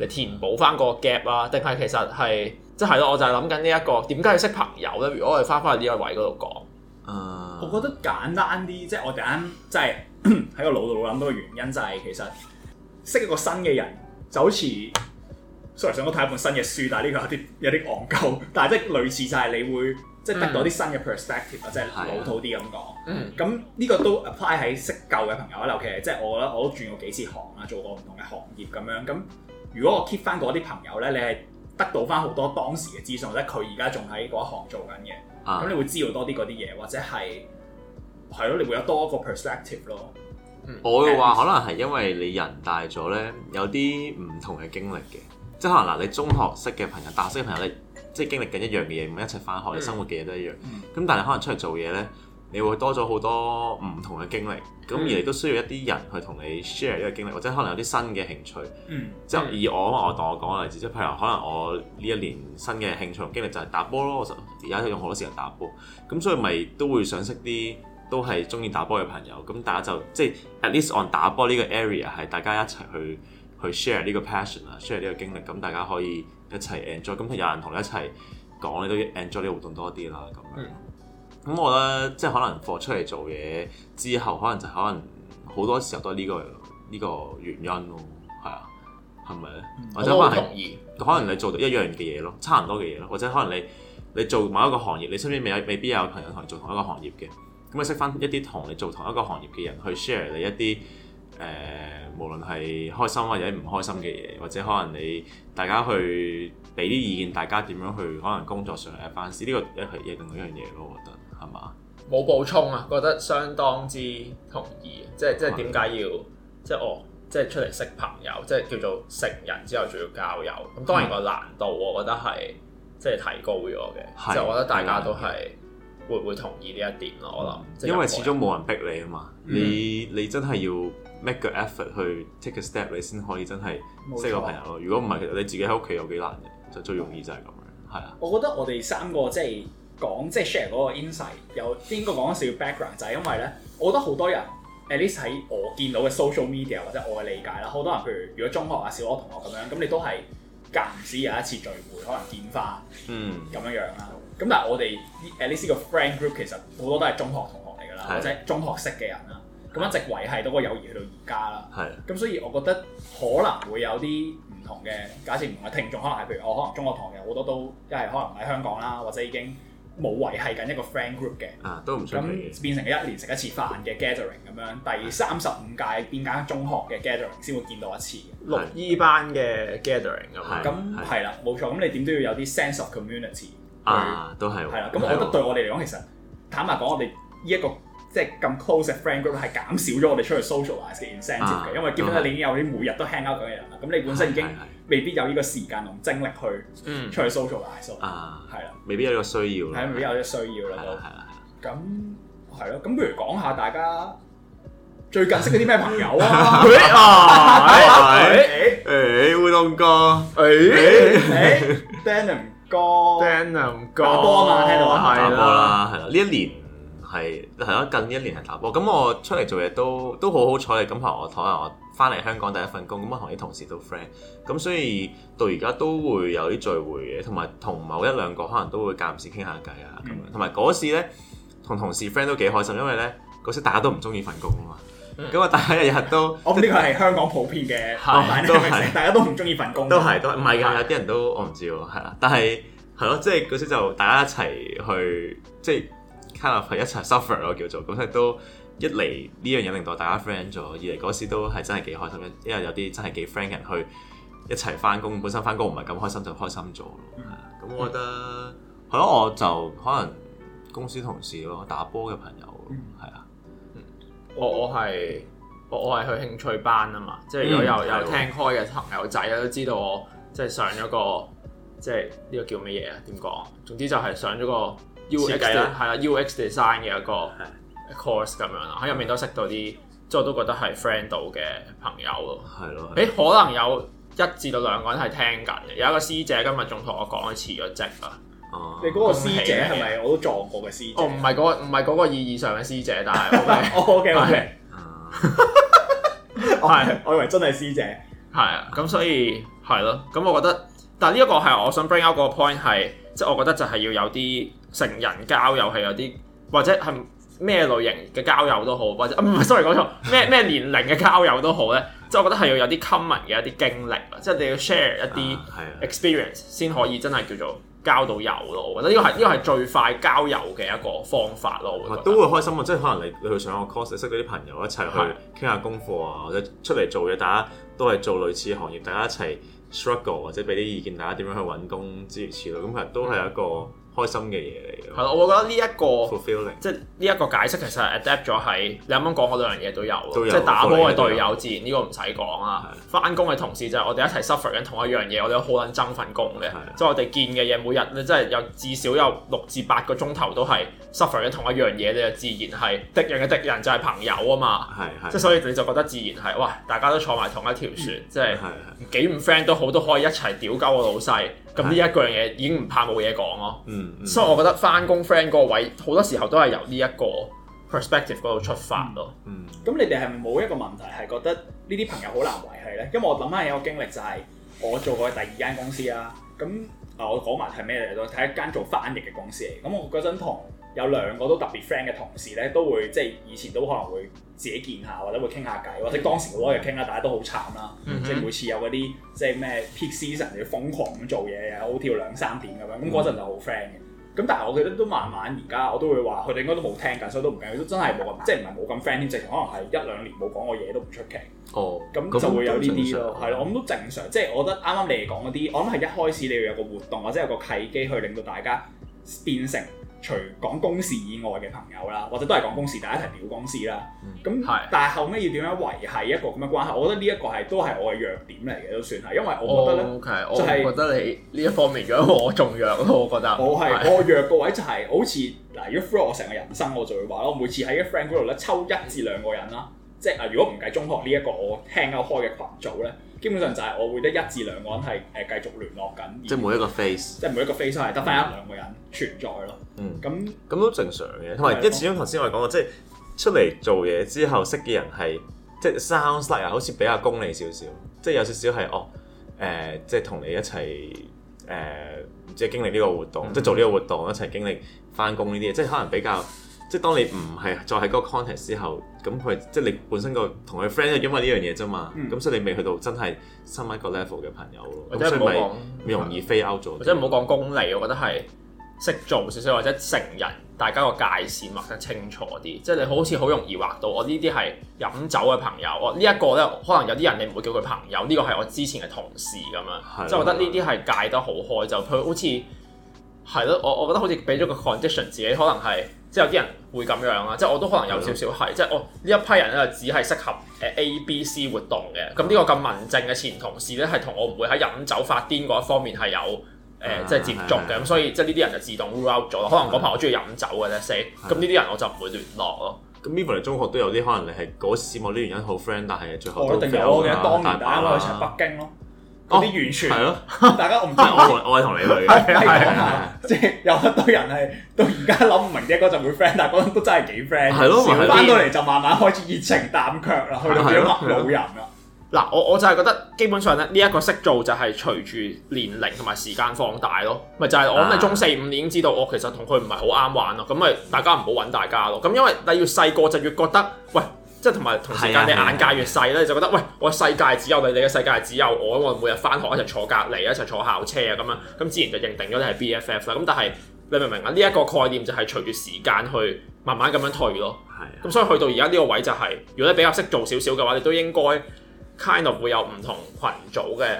嚟填補翻個 gap 啊？定係其實係即係咯？我就係諗緊呢一個點解要識朋友呢？如果我哋翻翻去呢個位嗰度講。Uh、我覺得簡單啲，即係我哋啱即係喺個腦度諗到嘅原因就係、是、其實識一個新嘅人就好似 ，sorry，想我睇一本新嘅書，但係呢個有啲有啲戇鳩，但係即係類似就係你會即係得到啲新嘅 perspective 啊，即係老土啲咁講。咁呢個都 apply 喺識舊嘅朋友啦，尤其係即係我覺得我都轉過幾次行啊，做過唔同嘅行業咁樣。咁如果我 keep 返嗰啲朋友咧，你係？得到翻好多當時嘅資訊，或者佢而家仲喺嗰一行做緊嘅，咁、啊、你會知道多啲嗰啲嘢，或者係係咯，你會有多一個 perspective 咯。我嘅話可能係因為你人大咗呢，有啲唔同嘅經歷嘅，即係可能嗱，你中學識嘅朋友、大學識嘅朋友你即係、就是、經歷緊一樣嘢，咁一齊翻學、你生活嘅嘢都一樣，咁、嗯、但係可能出嚟做嘢呢。你會多咗好多唔同嘅經歷，咁、嗯、而你都需要一啲人去同你 share 呢個經歷，或者可能有啲新嘅興趣。嗯，即係以我啊，我同我講嘅例子，即係譬如可能我呢一年新嘅興趣同經歷就係打波咯。我而家都用好多時間打波，咁所以咪都會想識啲都係中意打波嘅朋友。咁大家就即係 at least on 打波呢個 area 係大家一齊去去 share 呢個 passion 啊，share 呢個經歷。咁大家可以一齊 enjoy。咁係有人同你一齊講，你都 enjoy 呢個活動多啲啦。咁樣。嗯咁我覺得即係可能放出嚟做嘢之後，可能就可能好多時候都係呢、呢個呢、呢個原因咯，係啊，係咪咧？ 或者可能係可能你做到一樣嘅嘢咯，差唔多嘅嘢咯，或者可能你你做某一個行業，你身邊未有未必有朋友同你做同一個行業嘅，咁啊識翻一啲同你做同一個行業嘅人去 share 你一啲誒、呃，無論係開心或者唔開心嘅嘢，或者可能你大家去俾啲意見，大家點樣去可能工作上嘅反思，呢、這個亦係亦係另一樣嘢咯，我覺得。係嘛？冇補充啊，覺得相當之同意，即係即係點解要、嗯、即係哦，即係出嚟識朋友，即係叫做成人之後仲要交友。咁當然個難度，我覺得係、嗯、即係提高咗嘅。是就我覺得大家都係會會同意呢一點咯。嗯、我諗，因為始終冇人逼你啊嘛。你你真係要 make 個 effort 去 take a step，你先可以真係識個朋友咯。如果唔係，其實你自己喺屋企有幾難嘅，就最容易就係咁樣。係啊，我覺得我哋三個即係。即講即係 share 嗰個 insight，有應該講少少 background 就係因為咧，我覺得好多人 at least 喺我見到嘅 social media 或者我嘅理解啦，好多人譬如如果中學啊小學同學咁樣，咁你都係間唔時有一次聚會可能見翻，嗯，咁樣樣啦。咁但係我哋 at least 個 friend group 其實好多都係中學同學嚟㗎啦，的或者中學識嘅人啦，咁一直維係到個友誼去到而家啦。係的。咁所以我覺得可能會有啲唔同嘅，假設唔同嘅聽眾，可能係譬如我可能中學同學好多都一係可能喺香港啦，或者已經。冇維繫緊一個 friend group 嘅，啊，都唔咁變成一年食一次飯嘅 gathering 咁樣，第三十五屆邊間中學嘅 gathering 先會見到一次是六二班嘅 gathering 咁是，咁係啦，冇是錯，咁你點都要有啲 sense of community 啊，去都係，係啦，咁我覺得對我哋嚟講，的其實坦白講，我哋呢一個。即係咁 close 嘅 friend group 係減少咗我哋出去 socialize 嘅 incentive 嘅，因為基本上你已經有啲每日都 hang out 緊嘅人啦。咁你本身已經未必有呢個時間同精力去出去 socialize，係啦，未必有呢個需要啦。係啊，未必有呢個需要啦都。咁係咯，咁不如講下大家最近識咗啲咩朋友啊？誒，烏冬哥，誒誒，Denim 哥，Denim 哥，塔波啊，聽到啊，係啦，係啦，呢一年。係係咯，近一年係打波。咁我出嚟做嘢都都好好彩，你咁同我，可下，我翻嚟香港第一份工，咁我同啲同事都 friend。咁所以到而家都會有啲聚會嘅，同埋同某一兩個可能都會間唔時傾下偈啊咁樣。同埋嗰時咧，同同事 friend 都幾開心，因為呢，嗰時大家都唔中意份工啊嘛。咁啊，大家日日都，我呢個係香港普遍嘅，大家都係大家都唔中意份工，都係都唔係㗎，有啲人都我唔知喎嚇。但係係咯，即係嗰時就大家一齊去即係。係 kind of, 一齊 suffer 咯，叫做咁亦都一嚟呢樣嘢令到大家 friend 咗，二嚟嗰時都係真係幾開心，因為有啲真係幾 friend 嘅人去一齊翻工，本身翻工唔係咁開心就開心咗咯。咁我覺得，係咯、嗯，我就可能公司同事咯，打波嘅朋友，係啊、嗯，我我係我我係去興趣班啊嘛，即係我有、嗯、有的聽開嘅朋友仔都知道我即係上咗個即係呢個叫乜嘢啊？點講？總之就係上咗個。U 係啦，U X design 嘅一個 course 咁樣啦，喺入面都識到啲，即係我都覺得係 friend 到嘅朋友咯，係咯，誒，可能有一至到兩個人係聽緊嘅，有一個師姐今日仲同我講佢辭咗職啦，哦，你嗰個師姐係咪我都撞過嘅師姐？哦，唔係嗰個，唔係個意義上嘅師姐，但係 O K，O K，O K，我係，我以為真係師姐，係啊，咁所以係咯，咁我覺得，但係呢一個係我想 bring out 嗰個 point 係，即係我覺得就係要有啲。成人交友係有啲，或者係咩類型嘅交友都好，或者唔係、啊，sorry 講錯，咩咩年齡嘅交友都好咧。即係 我覺得係要有啲 common 嘅一啲經歷即係、就是、你要 share 一啲 experience 先可以真係叫做交到友咯，啊。我覺得呢個係呢個係最快交友嘅一個方法咯。都會開心啊！即係可能你你去上個 course，你識嗰啲朋友一齊去傾下功課啊，的或者出嚟做嘢，大家都係做類似行業，大家一齊 struggle 或者俾啲意見，大家點樣去揾工之如此類。咁其實都係一個。嗯開心嘅嘢嚟，係咯，我覺得呢一個，即係呢一個解釋其實 adapt 咗喺你啱啱講嗰兩樣嘢都有，即係打波嘅隊友，自然呢個唔使講啦。返工嘅同事就係我哋一齊 suffer 緊同一樣嘢，我哋都好撚憎份工嘅，即係我哋見嘅嘢，每日你真係有至少有六至八個鐘頭都係 suffer 緊同一樣嘢，你就自然係敵人嘅敵人就係朋友啊嘛，即係所以你就覺得自然係，哇，大家都坐埋同一條船，即係幾唔 friend 都好，都可以一齊屌鳩個老細。咁呢一樣嘢已經唔怕冇嘢講咯，嗯嗯、所以我覺得翻工 friend 嗰位好多時候都係由呢一個 perspective 嗰度出發咯。咁、嗯嗯、你哋係咪冇一個問題係覺得呢啲朋友好難維係咧？因為我諗翻起個經歷就係我做過第二間公司啦。咁啊，我講埋係咩嚟咯？睇一間做翻譯嘅公司嚟。咁我嗰陣同。有兩個都特別 friend 嘅同事咧，都會即係以前都可能會自己見下，或者會傾下偈，或者當時好多嘢傾啦，大家都好慘啦。Mm hmm. 即係每次有嗰啲即係咩 peak season 人哋瘋狂咁做嘢，好跳兩三點咁樣。咁嗰陣就好 friend 嘅。咁、mm hmm. 但係我覺得都慢慢而家我都會話佢哋應該都冇聽緊，所以都唔緊要，都真係冇咁即係唔係冇咁 friend 添。可能係一兩年冇講過嘢都唔出奇。哦、oh, 嗯，咁就會有呢啲咯，係咯、嗯，我諗都正常。正常即係我覺得啱啱你哋講嗰啲，我諗係一開始你要有個活動或者有個契機去令到大家變成。除講公事以外嘅朋友啦，或者都係講公事，大家一齊表公司啦。咁、嗯，但係後尾要點樣維係一個咁嘅關係？我覺得呢一個係都係我嘅弱點嚟嘅，都算係，因為我覺得咧，okay, 就係、是、覺得你呢 一方面如果我仲弱咯，我覺得。 我係我弱嘅位就係、是、好似嗱，如果 follow 我成個人生，我就會話咯，我每次喺啲 friend 嗰度咧抽一至兩個人啦。即係啊！如果唔計中學呢一個我聽開嘅群組咧，基本上就係我會得一至兩個人係誒繼續聯絡緊。即係每一個 face，即係每一個 face 都係得返一兩個人存在咯。嗯，咁咁都正常嘅。同埋，因為始終頭先我哋講過，即係出嚟做嘢之後識嘅人係即係 sounds like 啊，好似比較功利少少，即係有少少係哦誒，即係同你一齊誒，呃，即係經歷呢個活動，即係、嗯、做呢個活動一齊經歷返工呢啲嘢，即係可能比較。即係當你唔係再喺嗰個 context 之後，咁佢即係你本身個同佢 friend 都因為呢樣嘢啫嘛，咁、嗯、所以你未去到真係新一個 level 嘅朋友咯。或者唔好講，唔容易 fail out 做。或者唔好講功利，我覺得係識做少少，或者成人大家個界線畫得清楚啲。即係你好似好容易畫到我呢啲係飲酒嘅朋友。我、呢個、呢一個咧，可能有啲人你唔會叫佢朋友。呢、呢個係我之前嘅同事咁樣。即係我覺得呢啲係戒得好開，就佢好似係咯。我我覺得好似俾咗個 condition，自己可能係。即係有啲人會咁樣啦，即係我都可能有少少係，的即係我呢一批人咧就只係適合誒 A、B、C 活動嘅。咁呢的個咁文靜嘅前同事咧，係同我唔會喺飲酒發癲嗰一方面係有誒、呃、即係接觸嘅。咁的所以即係呢啲人就自動 rule out 咗咯。可能嗰排我中意飲酒嘅咧，死咁呢啲人我就唔會聯絡咯。咁 even 嚟中學都有啲可能你係嗰時冇啲原因好 friend，但係最後都 friend 啊，我，一定有我，當我去一北京咯、啊。啲、哦、完全係咯，哦、大家我唔知， 我係同你女，即係有一堆人係到而家諗唔明嘅嗰陣會 friend，但係嗰陣都真係幾 friend 的。係咯，翻到嚟就慢慢開始熱情淡卻啦，的去到變咗老人啦。嗱， 我我就係覺得基本上咧，呢一個識做就係隨住年齡同埋時間放大咯。咪就係、是、我諗你中四五年已經知道，我其實同佢唔係好啱玩咯。咁咪大家唔好揾大家咯。咁因為你越細個就越覺得喂。即係同埋同時間，你眼界越細咧，啊啊、你就覺得喂，我世界只有你，你嘅世界只有我，我每日返學一齊坐隔離，一齊坐校車啊咁啊，咁自然就認定咗你係 BFF 啦。咁但係你明唔明啊？呢、這、一個概念就係隨住時間去慢慢咁樣退咯。係、啊。咁所以去到而家呢個位就係、是，如果你比較識做少少嘅話，你都應該 kind of 會有唔同群組嘅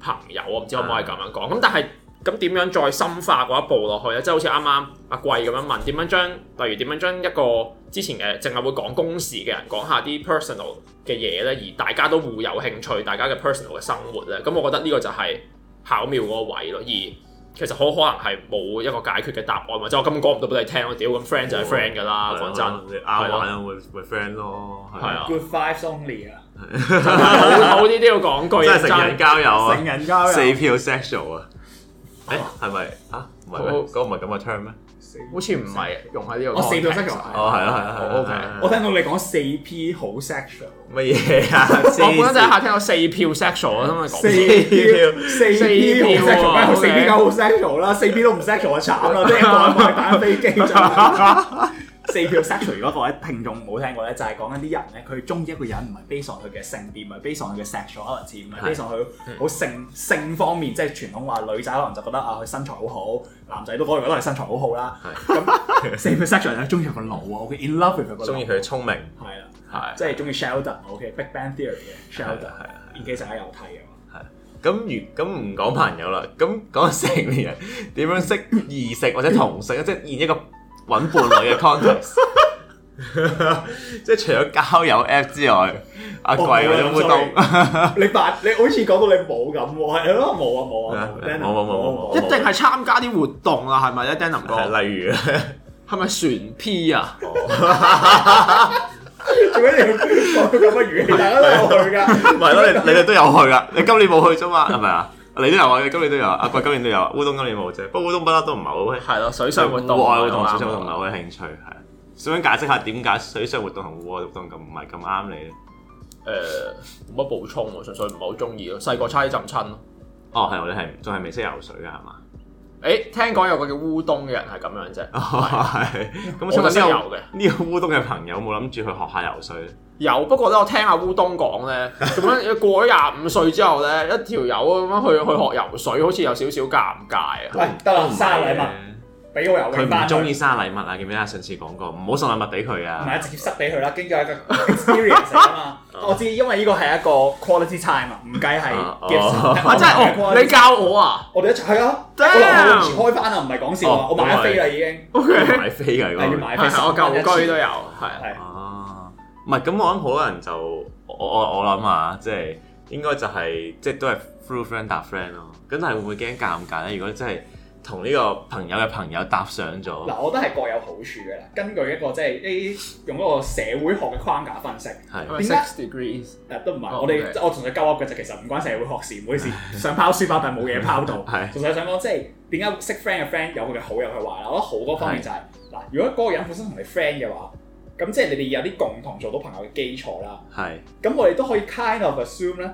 朋友。我唔知可唔可以咁樣講。咁、啊、但係。咁點樣再深化嗰一步落去咧？即、就、係、是、好似啱啱阿貴咁樣問，點樣將例如點樣將一個之前誒淨係會講公事嘅人講下啲 personal 嘅嘢咧，而大家都互有興趣，大家嘅 personal 嘅生活咧，咁我覺得呢個就係巧妙嗰個位咯。而其實好可能係冇一個解決嘅答案，或者我根本講唔到俾你聽。我屌咁 friend 就係 friend 噶啦，講、哦、真。啱玩會會對 friend 咯，係啊。對 good, good vibes only 啊， 好好啲都要講句。 真係成人交友啊，成人交友 sapiosexual 啊。 誒係咪啊？嗰個唔係咁嘅 term 咩？好似唔係用喺呢個。哦，四票 sexual 係啊，係啊，係 ok，我聽到你講四 P 好 sexual 乜嘢啊？我本身就係下聽到四票 sexual 啊！四票四票四票，四票好 sexual 啦！四 P 都唔 sexual 我慘啦，即係我係打飛機。 sapiosexual 如果各位聽眾冇聽過咧，就係、是、講緊啲人咧，佢中意一個人唔係 base on 佢嘅性別，唔係 base on 佢嘅 sexual 可能似，唔係 base on 佢好性性，性，性方面，即係傳統話女仔可能就覺得啊佢身材好好，男仔都嗰覺得佢身材好好啦。咁 sapiosexual 咧，中意佢腦喎，ok in love with 佢，中意佢嘅聰明，係啦了，係 的即係中意 Sheldon，ok Big Bang Theory 嘅 Sheldon，而家就喺有睇啊嘛。咁如咁唔講朋友啦，咁講下成年人點樣識異性或者同性？啊， 即係現一個。揾伴侶嘅 contact 即係除咗交友 app 之外，阿貴嗰啲活動，你扮你好似講到你冇咁喎，係咯冇啊冇啊，冇冇冇冇，一定係參加啲活動啊，係咪咧？Danny 哥，例如咧，係咪船 P 啊？做咩要咁嘅娛樂？你有去㗎？唔係咯，你你哋都有去㗎，你今年冇去啫嘛，係咪啊？你都有啊，今年都有。阿貴今年都有，烏冬今年冇啫。不過烏冬不嬲都唔係好興。係咯，水上活動。戶外活動同水上活動唔係好興趣，係的。想解釋下點解水上活動同戶外活動咁唔係咁啱你咧？誒、呃，冇乜補充，純粹唔係好中意咯。細個差啲浸親咯。哦，係，我哋係仲係未識游水嘅係嘛？誒，聽講有個叫烏冬嘅人係咁樣啫。係、哦。咁，我唔識遊嘅。呢個烏冬嘅朋友冇諗住去學下游水？有，不過咧，我聽阿烏冬講咧，咁樣過咗廿五歲之後咧，一條友咁樣去去學游水，好似有少少尷尬啊。喂，得啦，生日啊嘛，俾個游泳班。佢唔中意生日禮物啊，記唔記得上次講過？唔好送禮物俾佢啊。唔係直接塞俾佢啦。經過一個 experience 啊嘛。我知，因為呢個係一個 quality time 啊，唔計係 gift 真係，你教我啊？我哋一齊去啊 Damn！開班啊，唔係講笑啊！我買咗飛啦已經，要買飛嘅。係啊，我舊居都有，係啊。唔係咁，我諗好多人就我我我諗下，即係應該就係即係都係 through friend 搭 friend 咯。咁但係會唔會驚尷尬咧？如果真係同呢個朋友嘅朋友搭上咗，嗱，我都係各有好處嘅啦。根據一個即係 a 用一個社會學嘅框架分析，係 six degrees，但都唔係、oh, okay. 我哋我同佢交握嘅就其實唔關社會學事，唔好意思， 想拋書包但係冇嘢拋到。係， 其實想講即係點解識 friend 嘅 friend 有佢嘅好有佢壞啦。我覺得好多方面就係嗱，如果嗰個人本身同你 friend 嘅話。咁即係你哋有啲共同做到朋友嘅基礎啦。係。咁我哋都可以 kind of assume 咧，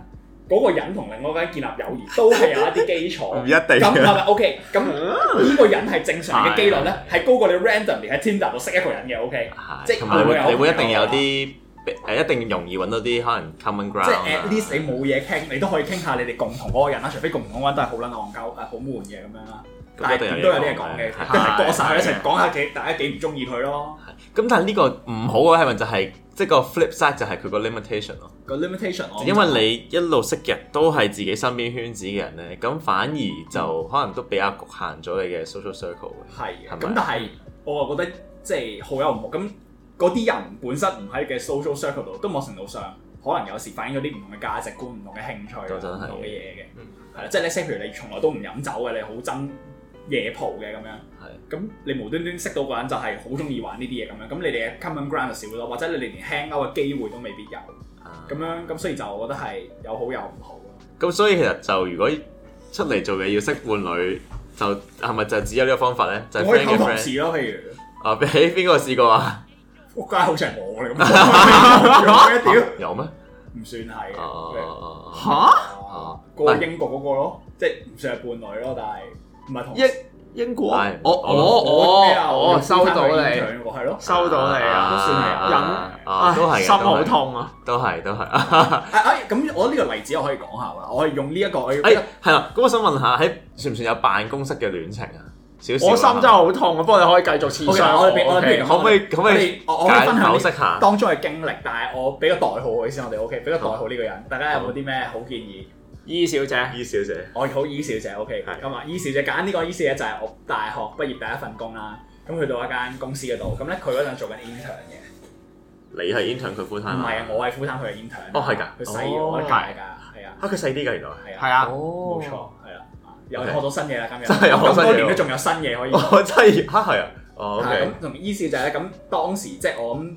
嗰個人同另外嗰人建立友誼都係有一啲基礎。唔一定。咁係咪？OK。咁呢個人係正常嘅機率咧，係高過你 randomly 喺 Tinder 度識一個人嘅。OK。即係同埋你會一定有啲誒，一定容易揾到啲可能 common ground。即係 at least 你冇嘢傾，你都可以傾下你哋共同嗰個人啦。除非共同嘅話都係好撚憨鳩，誒好悶嘅咁樣啦。但係都有啲嘢講嘅，跟住過曬一齊講下幾大家幾唔中意佢咯。咁、嗯、但係呢個唔好嘅係咪就係即係個 flip side 就係佢個 limitation 咯？個 limitation，因為你一路識嘅都係自己身邊圈子嘅人咧，咁反而就可能都比較局限咗你嘅 social circle。係，咁但係我覺得即係好有唔好。咁嗰啲人本身唔喺嘅 social circle 度，都某程度上可能有時反映咗啲唔同嘅價值觀、唔同嘅興趣、唔同嘅嘢嘅。係啦、嗯，即係例如譬如你從來都唔飲酒嘅，你好憎夜蒲嘅咁樣，咁你無端端識到個人就係好鍾意玩呢啲嘢咁樣，咁你哋嘅 common ground 就少咗，或者你哋連 hang out 嘅機會都未必有，咁樣咁所以就我覺得係有好有唔好。咁所以其實就如果出嚟做嘢要識伴侶，就係咪就只有呢個方法咧？就我嘅同事咯，譬如啊，俾邊個試過啊？屋家好似係我咁，屌有咩？唔算係嚇，過英國嗰個咯，即係唔算係伴侶咯，但係。英英國，我我我我收到你，係咯，收到你啊，都算係忍，都係心好痛啊，都係都係。咁我呢個例子我可以講下啦，我係用呢一個，我係係啦。咁我想問下，喺算唔算有辦公室嘅戀情啊？小我心真係好痛啊。不過你可以繼續黐上我。我我分享當中嘅經歷，但係我俾個代號佢先。我哋 OK，俾個代號呢個人，大家有冇啲咩好建議？伊小姐伊小姐，我好伊小姐 OK，咁啊伊小姐揀呢個伊小姐，就係我大學畢業第一份工啦，咁去到一間公司嗰度，咁咧佢嗰陣做緊 intern 嘅，你係 intern 佢 full time？唔係啊，我係 full time。佢係 intern，哦係㗎，佢細我一屆㗎，係啊，嚇佢細啲㗎原來，係啊，係啊，冇錯，係啊。又學到新嘢啦今日，真係學新嘢，咁多年都仲有新嘢可以，真係嚇係啊，哦咁同伊小姐咧，咁當時即係我咁。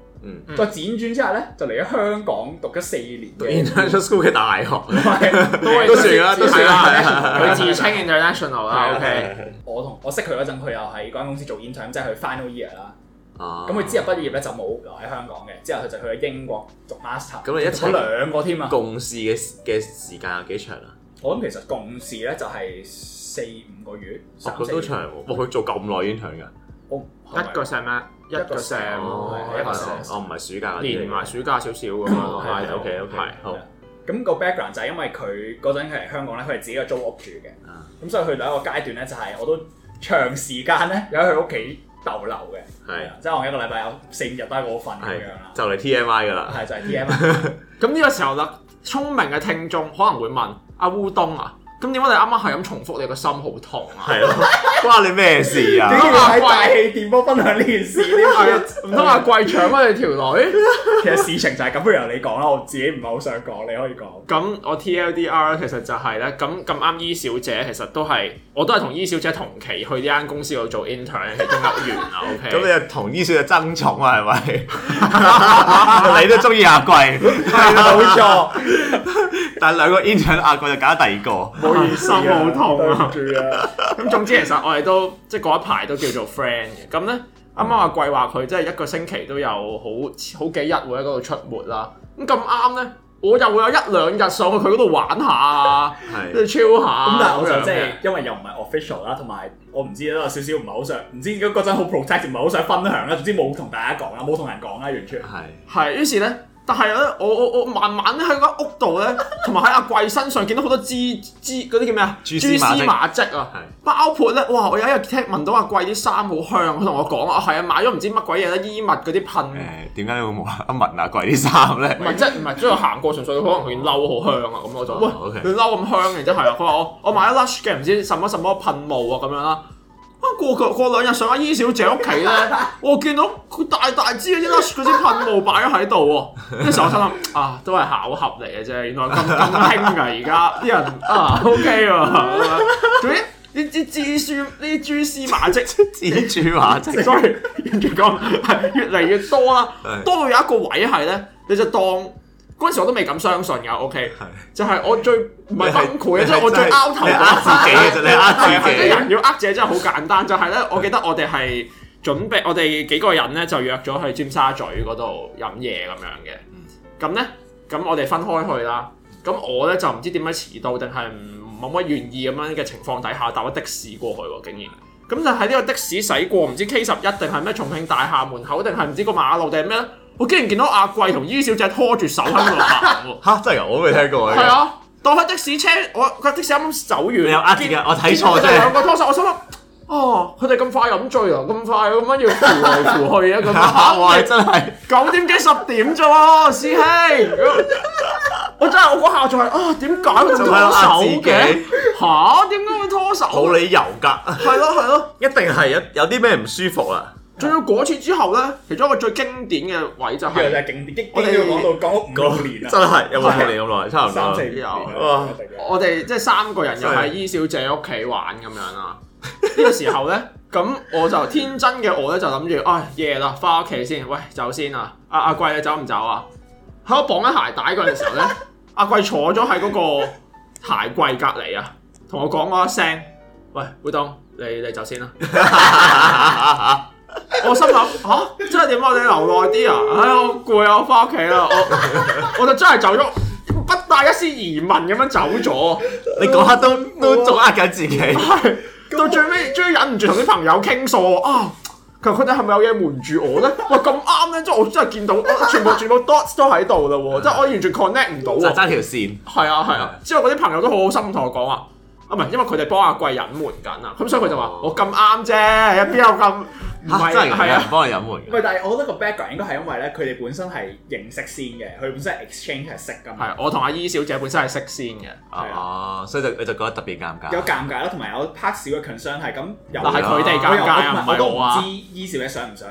嗯，再輾轉之後咧，就嚟咗香港讀咗四年嘅 international school 嘅大學，都算啦，都算啦，佢自稱 international 啦。O K，我同我識佢嗰陣，佢又喺嗰間公司做 intern，即係佢 final year 啦。咁佢之後畢業咧就冇留喺香港嘅，之後佢就去咗英國讀 master。咁你一齊兩個添啊？共事嘅嘅時間有幾長啊？我諗其實共事咧就係四五個月，十個都長喎。哇，佢做咁耐 intern 嘅。一個星咩？一個星，一個星，哦，唔係暑假，連埋暑假少少咁咯。okay，okay，好。咁個 background 就係因為佢嗰陣佢嚟香港咧，佢係自己個租屋住嘅。咁所以佢第一個階段咧，就係我都長時間咧有喺佢屋企逗留嘅。係，即係我一個禮拜有四五日都喺我瞓咁樣啦。就嚟 TMI 噶啦。係就係 TMI。咁呢個時候咧，聰明嘅聽眾可能會問阿烏冬啊。咁點解你啱啱係咁重複？你個心好痛啊！係咯，關你咩事啊？點解要喺大氣電波分享呢件事？唔通阿貴搶咗你條女？其實事情就係咁，不如由你講啦。我自己唔係好想講，你可以講。咁我 T L D R 其實就係咧，咁咁啱 E 小姐其實都係，我都係同 E 小姐同期去呢間公司度做 intern 係中級員啊。O K。咁你又同 E 小姐爭寵啊？係咪？你都中意阿貴，冇錯。但兩個 intern 阿貴就揀咗第二個。心好痛啊！咁總之其實我哋都即係嗰一排都叫做 friend 嘅。咁 呢，啱啱阿 Gwei 話佢即係一個星期都有好好幾日會喺嗰度出沒啦。咁咁啱呢，我又會有一兩日上去佢嗰度玩下，跟住 chill 下。咁但係我就即係因為又唔係 official 啦，同埋我唔知都有少少唔係好想，唔知嗰嗰陣好 protect 唔係好想分享啦。總之冇同大家講啦，冇同人講啦，完全係係。是的於是呢。係啊，我我我慢慢咧喺個屋度咧，同埋喺阿貴身上見到好多蛛蛛嗰啲叫咩啊？蛛絲馬迹啊！ 包括咧，哇！我有一日聽聞到阿貴啲衫好香，佢同我講啊，係、哦、啊，買咗唔知乜鬼嘢咧衣物嗰啲噴。誒，點解你會聞得聞阿貴啲衫咧？唔係即係唔係，即係行過純粹可能佢嘅褸好香啊，咁我就 喂，你褸咁香， 然之係啊，佢話我我買咗 Lush 嘅唔知什麼什麼噴霧啊咁樣啦。啊！過過兩日上阿伊小姐屋企咧，我見到佢大大支嘅嗰啲噴霧擺咗喺度喎。嗰 時候我心諗啊，都係巧合嚟嘅啫。原來咁咁興啊！而家啲人啊，OK 喎。仲 有啲啲蛛絲，啲蛛絲馬跡，蛛絲馬跡。Sorry，跟住講係越嚟越，越多啦，多到有一個位係咧，你就當。嗰時我都未敢相信嘅，OK，就係我最唔係崩潰，即係是我最拗頭 自己嘅， 你呃 自己。人要呃自己真係好簡單，就係、是、咧，我記得我哋係準備，我哋幾個人咧就約咗去尖沙咀嗰度飲嘢咁樣嘅。咁咧，咁我哋分開去啦。咁我咧就唔知點樣遲到定係冇乜願意咁樣嘅情況底下搭咗的士過去喎，竟然。咁就喺呢個的士駛過，唔知 K 十一定係咩重慶大廈門口定係唔知個馬路定係咩咧？我竟然見到阿貴同于小姐拖住手喺度拍。喎、啊，真係我未聽過嘅。係 啊，當開的，的士車，我個的士啱啱走完，有呃住嘅，見我睇錯咗。兩個拖手，我想，哦，佢哋咁快飲醉啊，咁快咁樣要扶來扶去啊，咁吓壞真係。九點幾十點啫喎，師兄， 我真係我個下場、就、係、是、啊，點解拖手嘅？吓，點解會拖手？冇、啊啊、理由噶，係咯係咯，一定係有有啲咩唔舒服啊。仲有嗰次之後呢，其中一個最經典嘅位就係、是、我哋講到講五六年啊，真係有五六年咁耐，的差唔多三四都有。啊、我哋即係三個人又喺伊小姐屋企玩咁樣啦。呢個 時候呢，咁我就天真嘅我呢，就諗住，唉夜啦，翻屋企先。喂走先啊！阿、啊、阿、啊、貴你走唔走啊？喺我綁緊鞋帶嗰陣時候呢，阿、 啊、貴坐咗喺嗰個鞋櫃隔離啊，同我講咗一聲，喂，會當烏冬你你，你走先啦。 我心諗吓、啊，真係點解我哋留耐啲啊？哎呀，我攰啊，我翻屋企啦，我我就真係走咗，不帶一絲疑問咁樣走咗。你嗰刻都都做呃緊自己，係我 到最尾，終於忍唔住同啲朋友傾訴啊！佢佢哋係咪有嘢瞞住我咧？喂，咁啱咧！即係我真係見到，全部全部 dots 都喺度啦， 即係我完全 connect 唔到，就揸條線。係啊係啊，啊啊之後嗰啲朋友都好好心同我講啊。啊唔係，因為佢哋幫阿貴隱瞞緊啊，咁所以佢就話我咁啱啫，邊有咁？嚇真係係啊，唔幫佢飲回。唔但係我覺得個 background 應該係因為咧，佢哋本身係認識先嘅，佢本身係 exchange 係識㗎嘛。係，我同阿依小姐本身係識先嘅。哦，所以就你就覺得特別尷尬。有尷尬啦，同埋有拍 a 嘅 c o n v e r n 係咁由。嗱係佢哋搞尬，唔係我。我都唔知依小姐想唔想。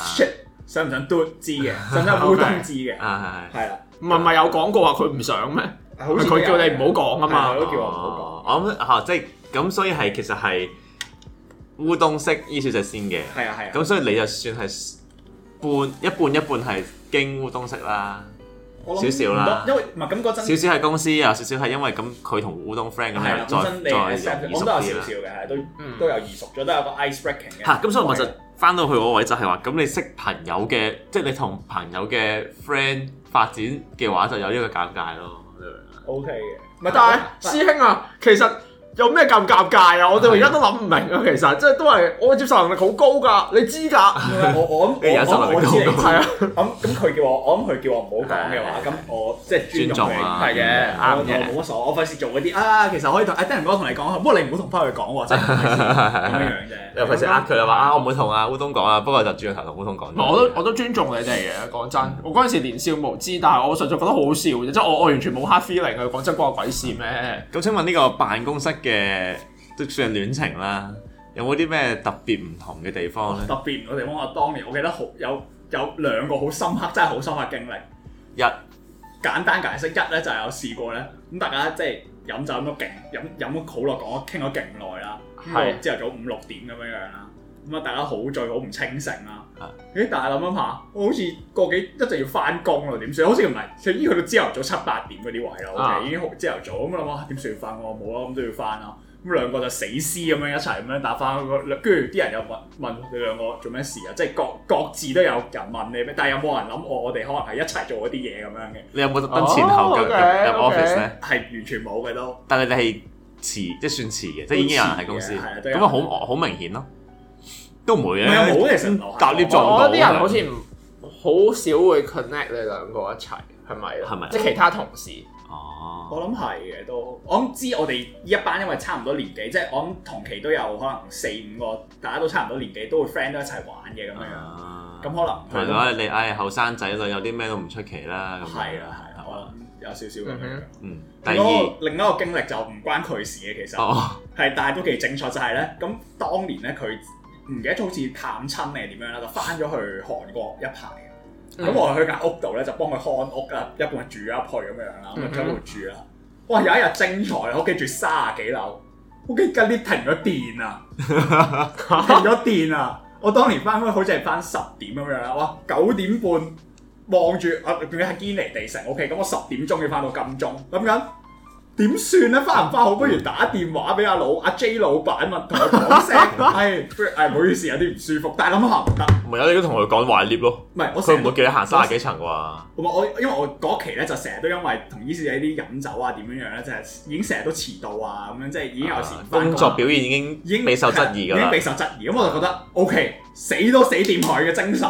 shit，想唔想 d 知嘅，想唔想 do 都知嘅。係係係。係啊。唔係唔係有講過話佢唔想咩？佢叫你唔好講啊嘛。佢叫我唔好講。我咁嚇即係咁，所以係其實係。烏冬式呢小只先嘅，咁所以你就算係半一半一半係經烏冬式啦，少少啦，因為唔係咁嗰陣少少係公司，有少少係因為咁佢同烏冬 friend 咁樣，再再有少少嘅，都都有耳熟咗，都有個 ice breaking 嘅。嚇！咁所以我就翻到去嗰位就係話，咁你識朋友嘅，即係你同朋友嘅 friend 發展嘅話，就有呢個尷尬咯。OK 嘅，唔係但係師兄啊，其實。有咩咁尷尬啊？我哋而家都諗唔明啊，其實即係都係我接受能力好高噶，你知㗎？我我咁我我我知係啊。咁咁佢叫我，我咁佢叫我唔好講嘅話，咁我即係尊重嘅，係嘅啱嘅。冇乜所謂，我費事做嗰啲啊。其實可以同啊 Denim 哥同你講，不過你唔好同翻佢講喎。咁樣啫，又費事呃佢啊嘛？我唔會同阿烏冬講啊，不過就轉頭同烏冬講。我都我都尊重你哋嘅。講真，我嗰陣時年少無知，但係我實在覺得好笑，即係我我完全冇 hard feeling 嘅。講真關我鬼事咩？咁請問呢個辦公室嘅都算係戀情啦，有冇啲咩特別唔同嘅地方咧？特別唔同嘅地方，我當年我記得好有有兩個好深刻，真係好深刻經歷。一日簡單解釋，一咧就係我試過咧，咁大家即係飲酒飲到勁飲飲到好耐，講傾咗勁耐啦，係朝頭早五六點咁樣樣啦。咁啊！大家好醉好唔清醒啦。誒，但係諗諗下，我好似過幾一定要返工咯。點算？好似唔係，已經去到朝頭早七八點嗰啲位啦。啊、已經朝頭早咁諗下，點算返？我冇啊，咁都要返啊。咁兩個就死屍咁樣一齊咁樣打返。跟住啲人又問問你兩個做咩事啊？即係各各自都有人問你咩？但係有冇人諗我？我哋可能係一齊做嗰啲嘢咁樣嘅。哦、你有冇跟前後入 office 咧？係完全冇嘅都。但係你係遲即係算遲嘅，遲即係已經有人喺公司。咁啊，好好明顯咯。都唔會嘅，冇嘅先落。我覺得啲人好似唔好少會 connect 你兩個一齊，係咪？係咪？即係其他同事。哦。我諗係嘅，都我諗知我哋一班，因為差唔多年紀，即係我諗同期都有可能四五個，大家都差唔多年紀，都會 friend 都一齊玩嘅咁樣樣。咁可能。係啊，你唉後生仔女有啲咩都唔出奇啦。係啊，係。可能有少少咁樣。嗯。第二，另一個經歷就唔關佢事嘅，其實係，但係都幾正確就係咧，咁當年咧佢。唔記得好似探親定係點樣啦，就翻咗去韓國一排。咁我去間屋度咧，就幫佢看屋啊，一半住一鋪咁樣啦，咁就喺度住啦。哇！有一日精彩，屋企住三十幾樓，屋企隔籬停咗電啊，停咗電啊！我當年翻，好似係翻十點咁樣啦，哇！九點半望住啊，點解堅尼地城 OK，咁、嗯嗯、我十點鐘要翻到金鐘咁樣。點算咧？返唔返好，不如打電話俾阿老阿 J 老闆，問同佢講聲。係、哎，不如誒，唔好意思，有啲唔舒服。但係諗下唔得，唔係有啲都同佢講壞 lift 咯。唔係是，佢唔會叫你行三十幾層啩、啊？我因為我嗰期咧就成日都因為同醫師仔啲飲酒啊點樣樣咧，就係已經成日都遲到啊咁樣，即係已經有時、啊、工作表現已經已經備受質疑㗎啦。已經備受質疑，咁我就覺得 O、okay, K，死都死掂佢嘅精神，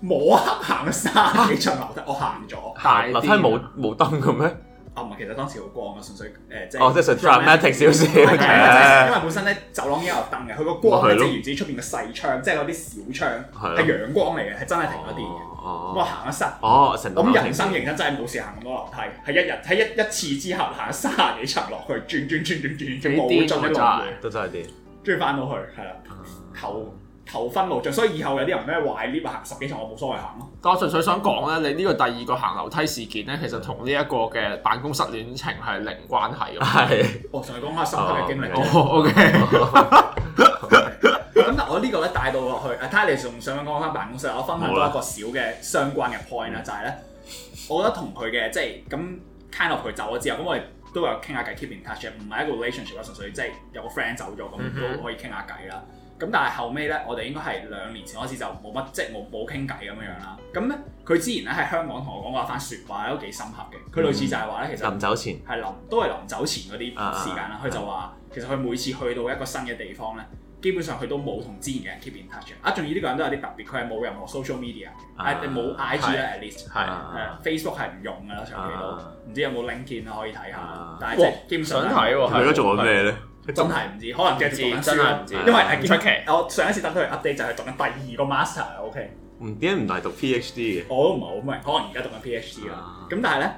摸黑行三十幾層樓梯，啊、我行咗。行樓梯冇冇燈咁咩？哦，唔係，其實當時好光啊，純粹誒即係哦，即係 dramatic 少少，因為本身咧走廊已經有燈嘅，佢個光咧即係源自出邊嘅細窗，即係嗰啲小窗係陽光嚟嘅，係真係停咗電嘅。咁我行一室，咁人生人生真係冇事行咁多樓梯，係一日喺一一次之後行咗三十幾層落去，轉轉轉轉轉冇進一個都真係啲，終於翻到去，係啦，好。頭昏腦脹，所以以後有啲人咩話 lift 行十幾層，我冇所謂行咯。但我純粹想講咧，你呢個第二個行樓梯事件咧，其實同呢一個嘅辦公室戀情係零關係嘅。係是。哦，仲係講下上班嘅經歷。O K。咁但我呢個咧帶到落去，阿 Terry 仲想講翻辦公室，我分享多一個小嘅相關嘅 point 啊的，就係咧，我覺得同佢嘅即係咁 kind 落 of 佢走咗之後，咁我哋都有傾下偈，keep in touch 嘅，唔係一個 relationship 啊，純粹即係有個 friend 走咗，咁都可以傾下偈啦。Mm hmm. 咁但係後尾咧，我哋應該係兩年前開始就冇乜，即係冇冇傾偈咁樣樣啦。咁咧，佢之前咧喺香港同我講過一番説話都幾深刻嘅。佢類似就係話咧，其實臨走前係臨都係臨走前嗰啲時間啦。佢就話其實佢每次去到一個新嘅地方咧，基本上佢都冇同之前嘅人 keep in touch 啊，仲要呢個人都有啲特別，佢係冇任何 social media，冇 IG 咧 at least，係 Facebook 係唔用㗎啦，長期都唔知有冇 LinkedIn 可以睇下。但係即係想睇喎，係而家做緊咩咧？佢真係唔知，可能繼續講唔知。因為係傑出期。我上一次等咗佢 update 就係讀緊第二個 master，OK。唔點解唔嚟讀 PhD？嘅。我都唔係，可能而家讀緊 PhD 啦。咁但係咧，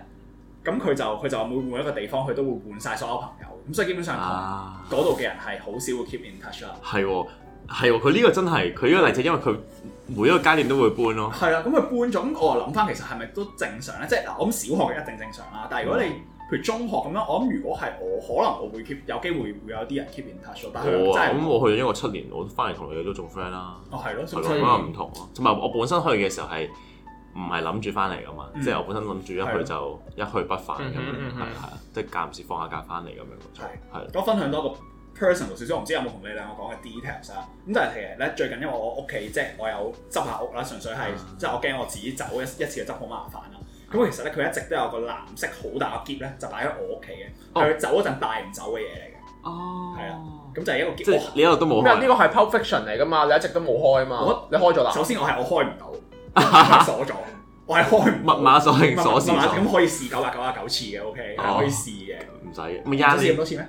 咁佢就佢就每每一個地方佢都會換晒所有朋友，咁所以基本上同嗰度嘅人係好少會 keep in touch 啦。係喎係喎，佢呢個真係佢呢個例子，因為佢每一個階段都會搬咯。係啊，咁佢搬咗，我又諗翻，其實係咪都正常咧？即係嗱，我諗小學一定正常啦，但係如果你譬如中學咁樣，我諗如果係我，可能我會 keep 有機會會有啲人 keep in touch 咯。我啊，咁我去咗一個七年，我翻嚟同你都做 friend 啦。哦，係咯，了是所以嗰個唔同咯。同埋我本身去嘅時候係唔係諗住翻嚟噶嘛？即係、嗯、我本身諗住一去就一去不返咁樣，係啊的，即係間唔時放下假翻嚟咁樣。係係。的的分享多個 person 少少，我唔知有冇同你兩個講嘅 details 啊？咁但係其實咧，最近因為我屋企即係我有執下屋啦，純粹係即係我驚我自己走一一次嘅執好麻煩啊。咁其實咧，佢一直都有一個藍色好大嘅篋咧，就擺喺我屋企嘅，佢走嗰陣帶唔走嘅嘢嚟嘅。哦，係啊，咁就係一個篋。即係你一路都冇開。因為呢個係 Perfection 嚟噶嘛，你一直都冇開啊嘛。你開咗啦。首先我係我開唔到，鎖咗。 我係開密碼鎖定咁可以試九百九啊九次嘅，OK，oh. 可以試嘅。唔使用。咪試咁多次咩？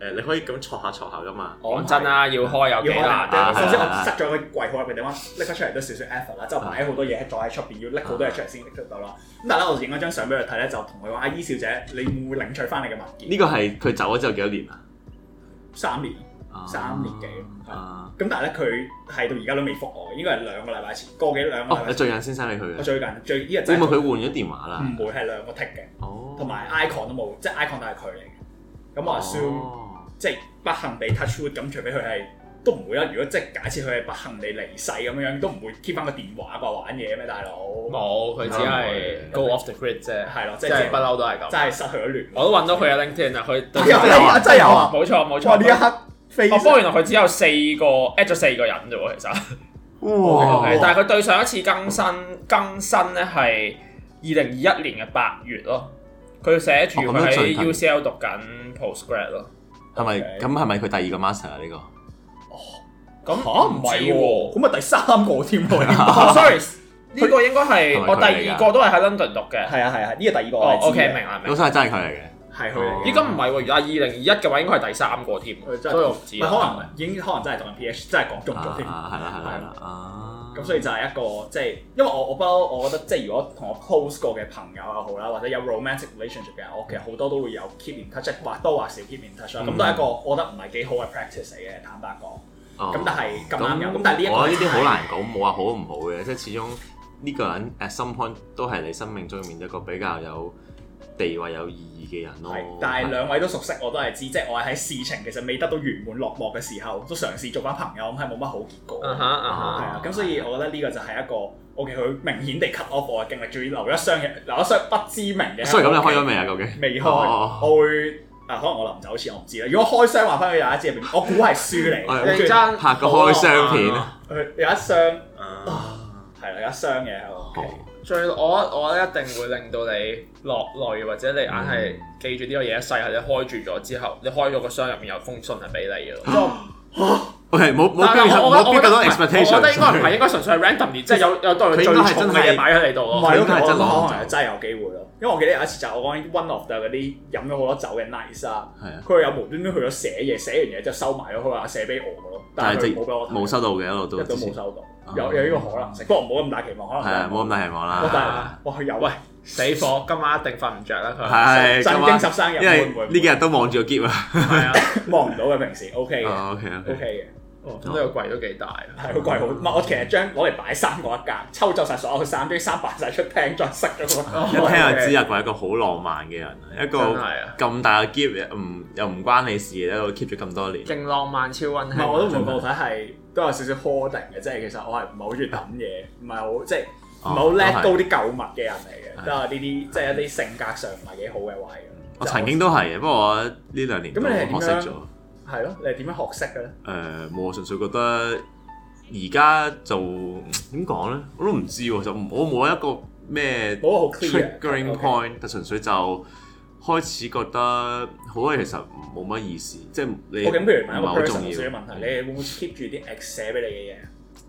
誒，你可以咁挫下挫下㗎嘛？講真啊，要開有幾難啊！況且我塞咗個櫃好入嘅地方，拎翻出嚟都少少 effort 啦。之後擺好多嘢，喺坐喺出邊要拎好多嘢出嚟先拎得到咯。咁但係我影咗張相俾佢睇咧，就同佢話：阿姨小姐，你會唔會領取翻你嘅文件？呢個係佢走咗之後幾多年啊？三年，三年幾啊？咁但係咧，佢係到而家都未覆我，應該係兩個禮拜前，個幾兩個禮拜。哦，最近先生你佢，我最近最呢日因為佢換咗電話啦，唔會係兩個 tick 嘅，同埋 icon 都冇，即係 icon 都係佢嚟嘅。咁我 a 即係不幸被 touch wood，咁除非佢係都唔會啊！如果即係假設佢係不幸地離世咁樣，都唔會 keep 翻個電話掛，玩嘢咩，大佬？冇，佢只係 go off the grid 啫。係咯，即係不嬲都係咁。真係失去咗聯。我都揾到佢啊 link 添啊！佢真有啊！真有啊！冇錯冇錯，呢一刻。哦，不過原來佢只有四個 add 咗四個人啫喎，其實。哇！但係佢對上一次更新更新咧，係二零二一年嘅八月咯。佢寫住佢喺 UCL 讀緊 Postgrad 咯。係咪咁係咪佢第二個 master 啊呢、呢個？哦，咁嚇唔係喎，咁咪、啊啊、第三個添喎、 oh？Sorry，呢個應該係我第二個都係喺 London 讀嘅，係啊係啊，呢、啊呢個第二個。o、oh, k、okay，明啦明白。老生係真係佢嚟嘅。係佢嚟嘅，依家唔係喎，而家二零二一嘅話應該係第三個添，所以我唔知，可能已經可能真係當 P H，真係講中咗添，係啦係啦係啦，啊，咁所以就係一個即係，因為我我不，我覺得即係如果同我 post 過嘅朋友又好啦，或者有 romantic relationship 嘅人，我，其實好多都會有 keep in touch，或多或少 keep in touch，咁都係一個我覺得唔係幾好嘅 practice 嚟嘅，坦白講。咁但係咁啱有。咁但係呢一個呢啲好難講，冇話好唔好嘅，即係始終呢個人 at some point 都係你生命中面一個比較有。地位有意義嘅人咯，但係兩位都熟悉，我都係知，即係我係喺事情其實未得到圓滿落幕嘅時候，都嘗試做翻朋友，咁係冇乜好結果嚇，啊，咁所以我覺得呢個就係一個 OK，佢明顯地 cut off 我嘅精力，留一箱嘅，留一箱不知名嘅。所以咁你開咗未啊？究竟未開？我會，啊，可能我臨走時我唔知啦。如果開箱話翻佢有一支，我估係書嚟，認真拍個開箱片。佢有一箱，係啦，一箱嘢最我我覺得一定會令到你落淚，或者你硬係記住呢個嘢一世，或者開住咗之後，你開咗個箱入面有封信係俾你嘅。嚇，OK，冇我覺得應該唔係應該純粹係 random 啲，即係有有當佢最重嘅嘢擺喺你度咯。佢係真攞，就真有機會咯。因為我記得有一次就我講 one of 嗰啲飲咗好多酒嘅 nice 啊，佢有無端端去咗寫嘢，寫完嘢之後收埋咗，佢話寫俾我咯，但係冇俾我冇收到嘅，一路都都冇收到。有有呢個可能性，不過唔好咁大期望，可能唔冇咁大期望啦。冇大哇，有喂死火，今晚一定瞓唔着啦！佢係震驚十三日，呢幾日都望住個篋啊，望唔到嘅，平時 OK 嘅，OK 啊，OK 嘅。哦，咁呢個櫃都幾大。係，個櫃好。我其實將攞嚟擺衫嗰一格，抽走晒所有衫，啲衫擺晒出廳裝飾咗。一聽就知啊，佢係一個好浪漫嘅人，一個咁大嘅篋唔又唔關你事啦，度 keep 咗咁多年，勁浪漫超溫馨。我都唔睇係。都有少少 hoarding 嘅，即係其實我係唔係好中意抌嘢，唔係好即係唔係好叻，到啲舊物嘅人嚟嘅都係呢啲，即係、哦、一啲性格上唔係幾好嘅壞嘅。我曾經都係嘅，就不過呢兩年都學識咗。係咯，你係點樣學識嘅咧？誒、呃，我純粹覺得而家就點講咧，我都唔知喎。就我冇一個咩 triggering point，但純粹就。開始覺得好啊，其實冇乜意思，即係你唔係好重要。譬如問一個 personal 嘅問題，你會唔會 keep 住啲 ex 寫俾你嘅嘢？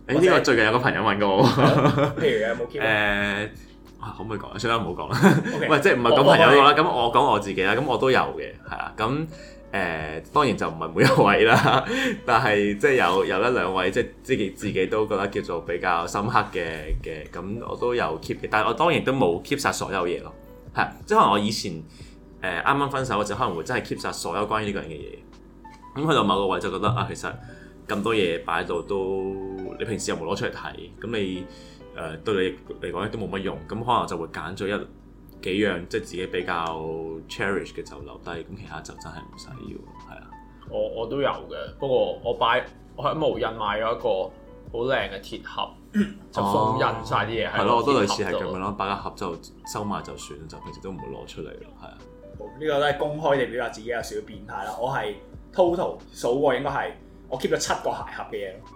欸、我因為最近有個朋友問過我，譬如有冇 keep 誒、欸？可唔可以講？最好唔好講啦。喂 Okay. 即係唔係講朋友啦？咁 Okay. 我講我自己啦。咁我都有嘅，係啊。咁誒、呃，當然就唔係每一位啦，但係即係有有一兩位，即係自己自己都覺得叫做比較深刻嘅嘅。咁我都有 keep 嘅，但係我當然都冇 keep 晒所有嘢咯。係，即係可能我以前。誒，啱啱分手嘅時候可能會真係 keep 晒所有關於呢個人嘅嘢。咁去到某個位，就覺得啊，其實咁多嘢擺喺度都，你平時又冇攞出嚟睇？咁你誒、呃、對你嚟講咧都冇乜用，咁可能就會揀咗一幾樣，即係自己比較 cherish 嘅就留低，咁其他就真係唔使要，係啊。我我都有嘅，不過我擺我喺無印買咗一個好靚嘅鐵盒，就封印晒啲嘢。係咯了，我都類似係咁樣咯，擺個盒就收埋就算，就平時都唔會攞出嚟，係啊。呢個都係公開地表達自己有少少變態啦！我係 total 數過應該係我 keep 咗七個鞋盒嘅嘢咯，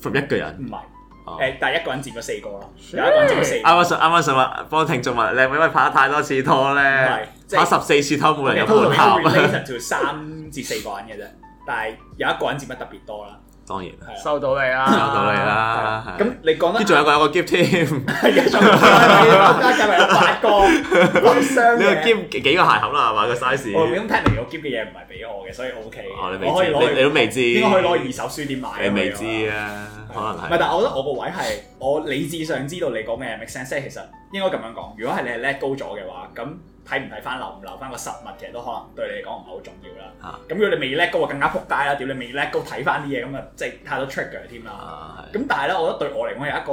從一個人唔係，誒是、oh. 但係一個人佔咗四個咯，有一個人佔咗四個。啱啱想啱啱想話，幫聽眾問你係咪因為拍咗太多次拖咧？拍十四次拖冇人有破例。related to 三至四個人嘅啫， 但係有一個人佔得特別多啦。當然係收到你啦，收到你啦。咁你講得仲有個有個 gift 添，係啊，仲有加計有八個，兩箱。呢個 gift 幾個鞋盒啦，係嘛個 size？我咁聽嚟，我 gift 嘅嘢唔係俾我嘅，所以 O K。你我可以攞，你都未知。應該可以攞二手書店買。你未知啊？可能係。唔但係我覺得我個位係我理智上知道你講咩 make sense。其實應該咁樣講，如果係你係 let go 咗嘅話，咁。睇唔睇翻留唔留翻個實物其實都可能對你嚟講唔係好重要啦。咁如果你未叻高，更加撲街啦！屌你未叻高，睇翻啲嘢咁啊，即係太多 trigger 添啦。咁但係咧，我覺得對我嚟講有一個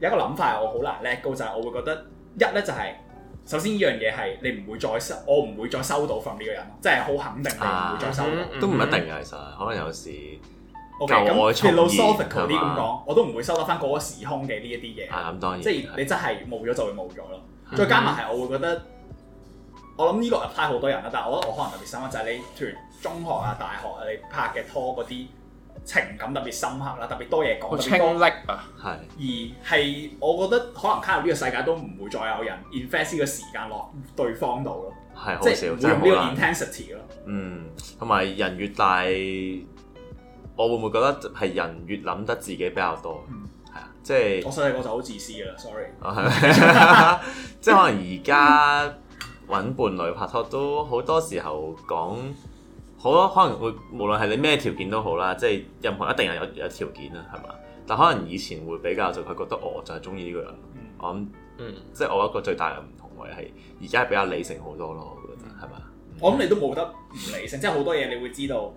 有一個諗法，我好難叻高，就係我會覺得一咧就係首先呢樣嘢係你唔會再收，我唔會再收到份呢個人，即係好肯定你唔會再收。都唔一定嘅，其實可能有時。咁譬如 low-solvent 嗰啲咁講，我都唔會收得翻嗰個時空嘅呢一啲嘢。咁當然，即係你真係冇咗就會冇咗咯。再加埋係我會覺得。我諗呢個 apply 好多人啦，但係我覺得我可能特別深刻，就係、是、你譬如中學啊、大學啊，你拍嘅拖嗰啲情感特別深刻啦，特別多嘢講。經歷啊，係。是而係我覺得可能卡入呢個世界都唔會再有人 invest 呢個時間落對方度咯，好即係唔會咁嘅 intensity 咯。嗯，同埋人越大，我會唔會覺得係人越諗得自己比較多？係啊、嗯，即係、就是、我細細個就好自私噶啦，sorry。啊嗎 即係可能而家。 搵伴侶拍拖都好多時候講，好可能會無論係你咩條件都好啦，即係任何一定係有有條件啦，係嘛？但可能以前會比較就係覺得我就係中意呢個人。嗯，我嗯，即係我一個最大嘅唔同位係而家係比較理性好多咯，我覺得係嘛？我諗你都冇得唔理性，即係好多嘢你會知道，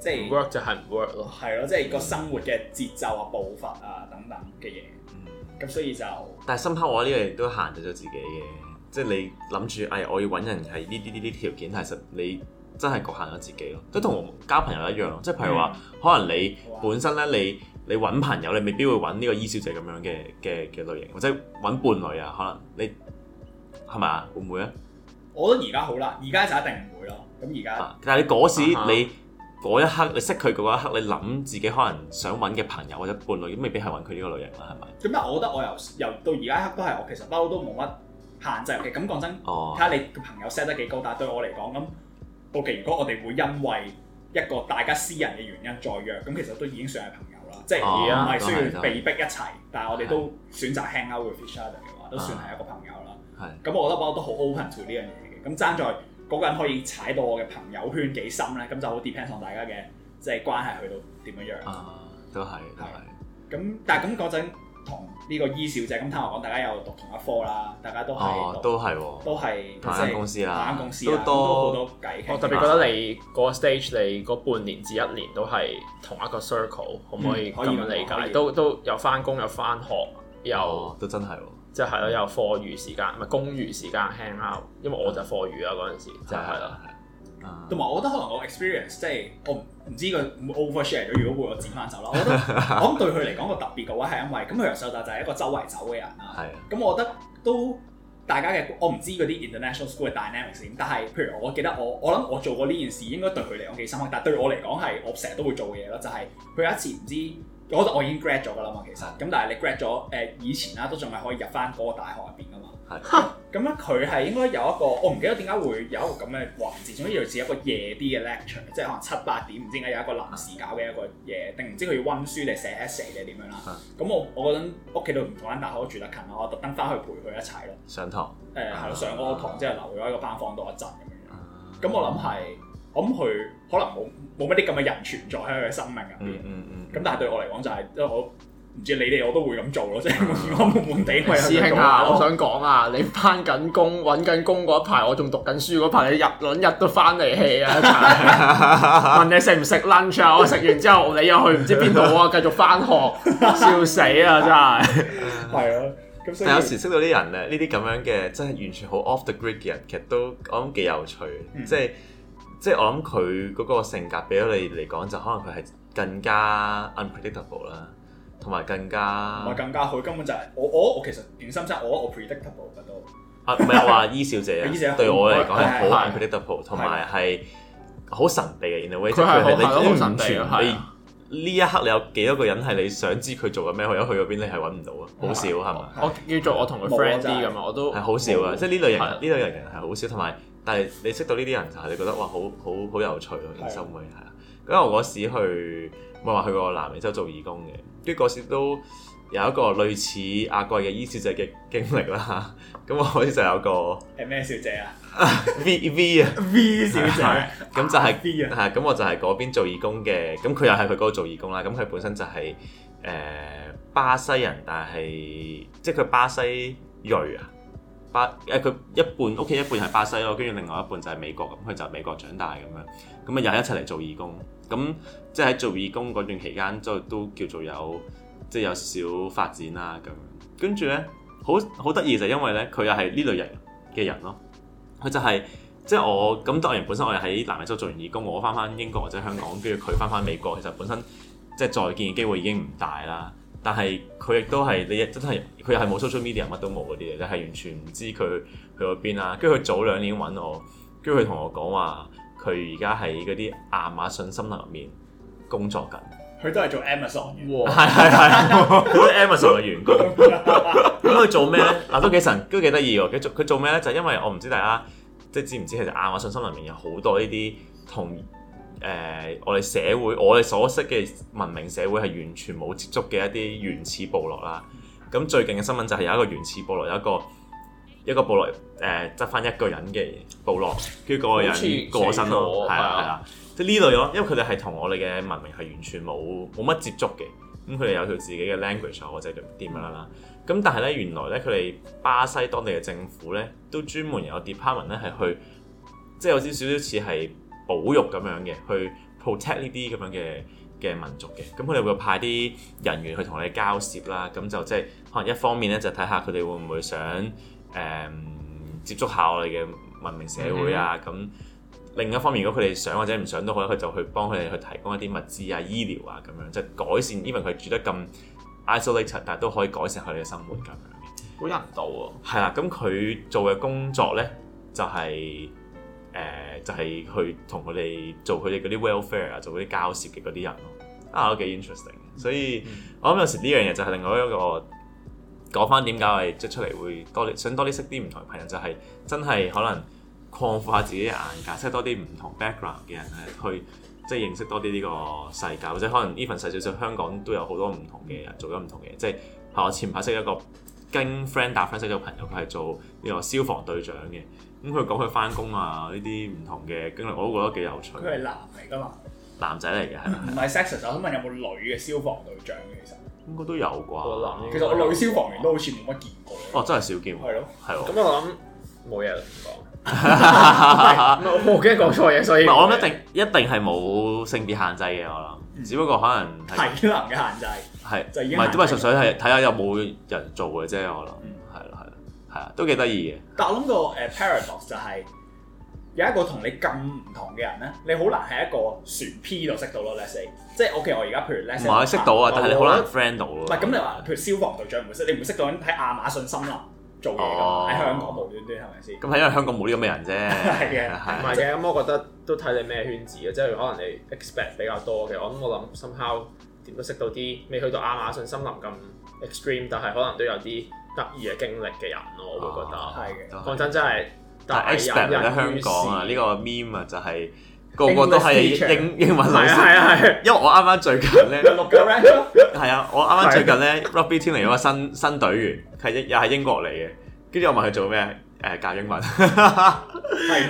即係 work 就係 work 咯，係咯，即係個生活嘅節奏啊、步伐啊等等嘅嘢，咁所以就但係深刻我呢樣亦都限制咗自己嘅。即係你諗住，哎，我要搵人係呢啲呢啲條件，其實你真係局限咗自己咯。即係同交朋友一樣咯。即係譬如話，可能你本身咧，你你揾朋友，你未必會揾呢個 E 小姐咁樣嘅嘅嘅類型，或者揾伴侶啊，可能你係咪啊？會唔會啊？我覺得而家好啦，而家就一定唔會咯。咁而家，但係你嗰時、啊、哈你嗰一刻，你識佢嗰一刻，你諗自己可能想揾嘅朋友或者伴侶，都未必係揾佢呢個類型啦，係咪？咁但我覺得我由由到而家一刻都係，我其實嬲都冇乜。限制嘅，咁講真，睇下、oh. 你個朋友 set 得幾高，但係對我嚟講咁到 OK 如果我哋會因為一個大家私人嘅原因再約，咁其實都已經算係朋友啦，oh, 即係唔係需要被逼一齊，是但係我哋的都選擇 hang out with each other 嘅話，都算係一個朋友啦。係。咁我覺得我都好 open to 呢樣嘢嘅，咁爭在嗰個人可以踩到我嘅朋友圈幾深咧，咁就好 depend on 大家嘅即係關係去到點樣樣。啊、uh,，都係，都係。咁但係咁嗰陣同。呢個醫小姐咁聽我講，大家又讀同一科啦，大家都係哦，都係都係同一間公司啦，都多好多計。我特別覺得你嗰個 stage，你嗰半年至一年都係同一個 circle，可唔可以咁樣理解？都都有返工，又返學，又都真係喎，即係咯，有課餘時間，唔係公餘時間 hang out，因為我就課餘啊嗰陣時，就係啦。同埋，我覺得可能我 experience 即係我唔唔知佢 overshare 咗，如果會我剪翻走啦。我覺得 我諗對佢嚟講個特別嘅話係因為咁佢又手搭就係一個周圍走嘅人啦。咁的、啊嗯、我覺得都大家嘅我唔知嗰啲 international school 嘅 dynamics 點，但係譬如我記得我我諗我做過呢件事應該對佢嚟講幾深刻，但係對我嚟講係我成日都會做嘅嘢咯，就係、是、佢有一次唔知我覺得我已經 grad 咗㗎啦嘛，其實咁的但係你 grad 咗誒、呃、以前啦都仲係可以入翻嗰個大學入邊㗎嘛。咁咧，佢係、 嗯、應該有一個，我唔記得點解會有一個咁嘅環節。總之類似一個夜啲嘅 lecture，即係可能七八點，唔知點解有一個臨時搞嘅一個嘢，定唔知佢要溫書定寫 essay 定點樣啦。咁、嗯、我我嗰陣屋企都唔同間大學住得近啦，我特登翻去陪佢一齊咯課、呃。上堂誒，係啊，上嗰堂之後留咗一個班房度一陣咁樣。咁我諗係，我諗佢可能冇冇乜啲咁嘅人存在喺佢嘅生命入邊。咁、嗯嗯嗯、但係對我嚟講就係都好。唔知你哋我都會咁做咯，即係我悶悶地。喂師兄啊，做我，我想講啊，你翻緊工揾緊工嗰一排，我仲讀緊書嗰排，你日輪日都翻嚟 hea 啊！一陣問你食唔食 lunch 啊？我食完之後，你又去唔知邊度啊？繼續翻學，笑死啊！真係係咯。但有時識到啲人咧，呢啲咁樣嘅，真係完全好 off the grid 嘅人，其實都我諗幾有趣。即係即係我諗佢嗰個性格，俾咗你嚟講，就可能佢係更加 unpredictable 啦。同埋更加，同埋更加好，根本就係我我我其實段心真我我 predictable 噶都，啊唔係話依小姐啊，對我嚟講係好 predictable，同埋係好神秘嘅，in a way，即係你完全你呢一刻你有幾多個人係你想知佢做緊咩或者去咗邊，你係揾唔到啊，好少係咪？我叫做我同佢 friend 啲咁啊，我都係好少啊，即係呢類型呢類型人係好少，同埋但係你識到呢啲人就係你覺得哇好好好有趣咯，真心會係，因為我嗰時去。我話去過南美洲做義工嘅，跟住嗰時都有一個類似阿貴嘅伊小姐嘅經歷啦。咁 我好似就有個誒咩小姐啊 ？V V 啊 ？V 小姐，咁 就係、是、V 啊？係咁，我就係嗰邊做義工嘅。咁佢又係佢嗰度做義工啦。咁佢本身就係、是、誒、呃、巴西人，但係即係佢巴西裔啊。巴誒佢一半屋企一半係巴西咯，跟住另外一半就係美國咁，佢就係美國長大咁樣。咁啊又係一齊嚟做義工。咁即係喺做義工嗰段期間，都都叫做有即係有少少發展啦咁。跟住呢，好好得意就係因為呢，佢又係呢類型嘅人咯。佢就係、是、即係我咁，當然本身我又喺南美洲做完義工，我翻翻英國或者香港，跟住佢翻翻美國。其實本身即係再見嘅機會已經唔大啦。但係佢亦都係你真係佢又係冇 social media，乜都冇嗰啲嘢，就係、是、完全唔知佢去咗邊啦。跟住佢早兩年揾我，跟住佢同我講話。佢而家喺嗰啲亞馬遜森林入面工作緊，佢都係做 Amazon，係係係，Amazon 嘅員工。咁 佢做咩咧？嗱、 啊、都幾神，都幾得意喎。佢做佢做咩咧？就係、因為我唔知大家即係知唔知其實亞馬遜森林入面有好多呢啲同誒我哋社會我哋所識嘅文明社會係完全冇接觸嘅一啲原始部落啦。咁、嗯、最近嘅新聞就係有一個原始部落有一個。一個部落誒，執、呃、翻一個人嘅部落，跟住嗰個人過身咯，係啊係啊，即係呢類咯，因為佢哋係同我哋嘅文明係完全冇冇乜接觸嘅，咁佢哋有條自己嘅 language 或者啲乜啦，咁但係咧，原來咧佢哋巴西當地嘅政府咧都專門有 department 咧係去，即係有少少少似係保育咁樣嘅，去 protect 呢啲咁樣嘅嘅民族嘅，咁佢哋會派啲人員去同你交涉啦，咁、嗯、就即係可能一方面咧就睇下佢哋會唔會想。誒、um, 接觸下我哋嘅文明社會啊，咁、mm hmm. 嗯、另一方面，如果佢哋想或者唔想都可以，佢就去幫佢哋去提供一啲物資啊、醫療啊咁樣，即、就、係、是、改善，因為佢住得咁 isolated，但係都可以改善佢哋嘅生活咁樣嘅好人道啊，係啦、啊，咁佢做嘅工作咧就係、是、誒、呃、就係、是、去同佢哋做佢哋嗰啲 welfare 啊，做嗰啲交涉嘅嗰啲人咯、啊，啊、ah, 都幾 interesting，所以、mm hmm. 我諗有時呢樣嘢就係另外一個。講翻點解我係即出嚟會多啲，想多啲識啲唔同嘅朋友，就係、是、真係可能擴闊下自己嘅眼界，即多啲唔同 background 嘅人去，即係認識多啲呢個世界，或者可能 even 細少少香港都有好多唔同嘅人做咗唔同嘅嘢，即係我前排識一個經 friend 打 friend 識嘅朋友，佢係做呢個消防隊長嘅，咁佢講佢翻工啊呢啲唔同嘅經歷，我都覺得幾有趣。佢係男嚟噶嘛？男仔嚟嘅係咪？唔係 sexist，我想問有冇女嘅消防隊長嘅？其實。應該都有啩，其實我女消防員都好似冇乜見過。哦，真係少見。係咯，係咁我諗冇嘢啦，唔講。我驚講錯嘢，所以我諗一定一定係冇性別限制嘅，我諗。只不過可能體能嘅限制係，就已經唔係都係純粹係睇下有冇人做嘅啫，我諗。嗯，係咯，係咯，係啊，都幾得意嘅。但我諗個誒 paradox 就係有一個同你咁唔同嘅人咧，你好難係一個船 P 就識到咯。Let's say。即係 OK，我而家譬如 l e s 識到啊，但係你好難 friend 到。唔係，咁，你話譬如消防隊長唔會識，你唔會識到喺亞馬遜森林做嘢嘅喺香港無端端係咪先？咁係因為香港冇呢啲咁嘅人啫。係嘅，唔係嘅。咁我覺得都睇你咩圈子啊，即係可能你 expect 比較多嘅。我諗我諗 somehow 點都識到啲未去到亞馬遜森林咁 extreme，但係可能都有啲得意嘅經歷嘅人咯。我會覺得係嘅。講真真係，但係 expert 喺香港啊，呢個 meme 就係。個個都係英 English teacher. 英文老師，係啊係，啊啊啊因為我啱啱最近咧，係 啊，我啱啱最近咧，Rugby Team 嚟有個新新隊員，係英又係英國嚟嘅，跟住我問佢做咩，誒教英文，係 啊，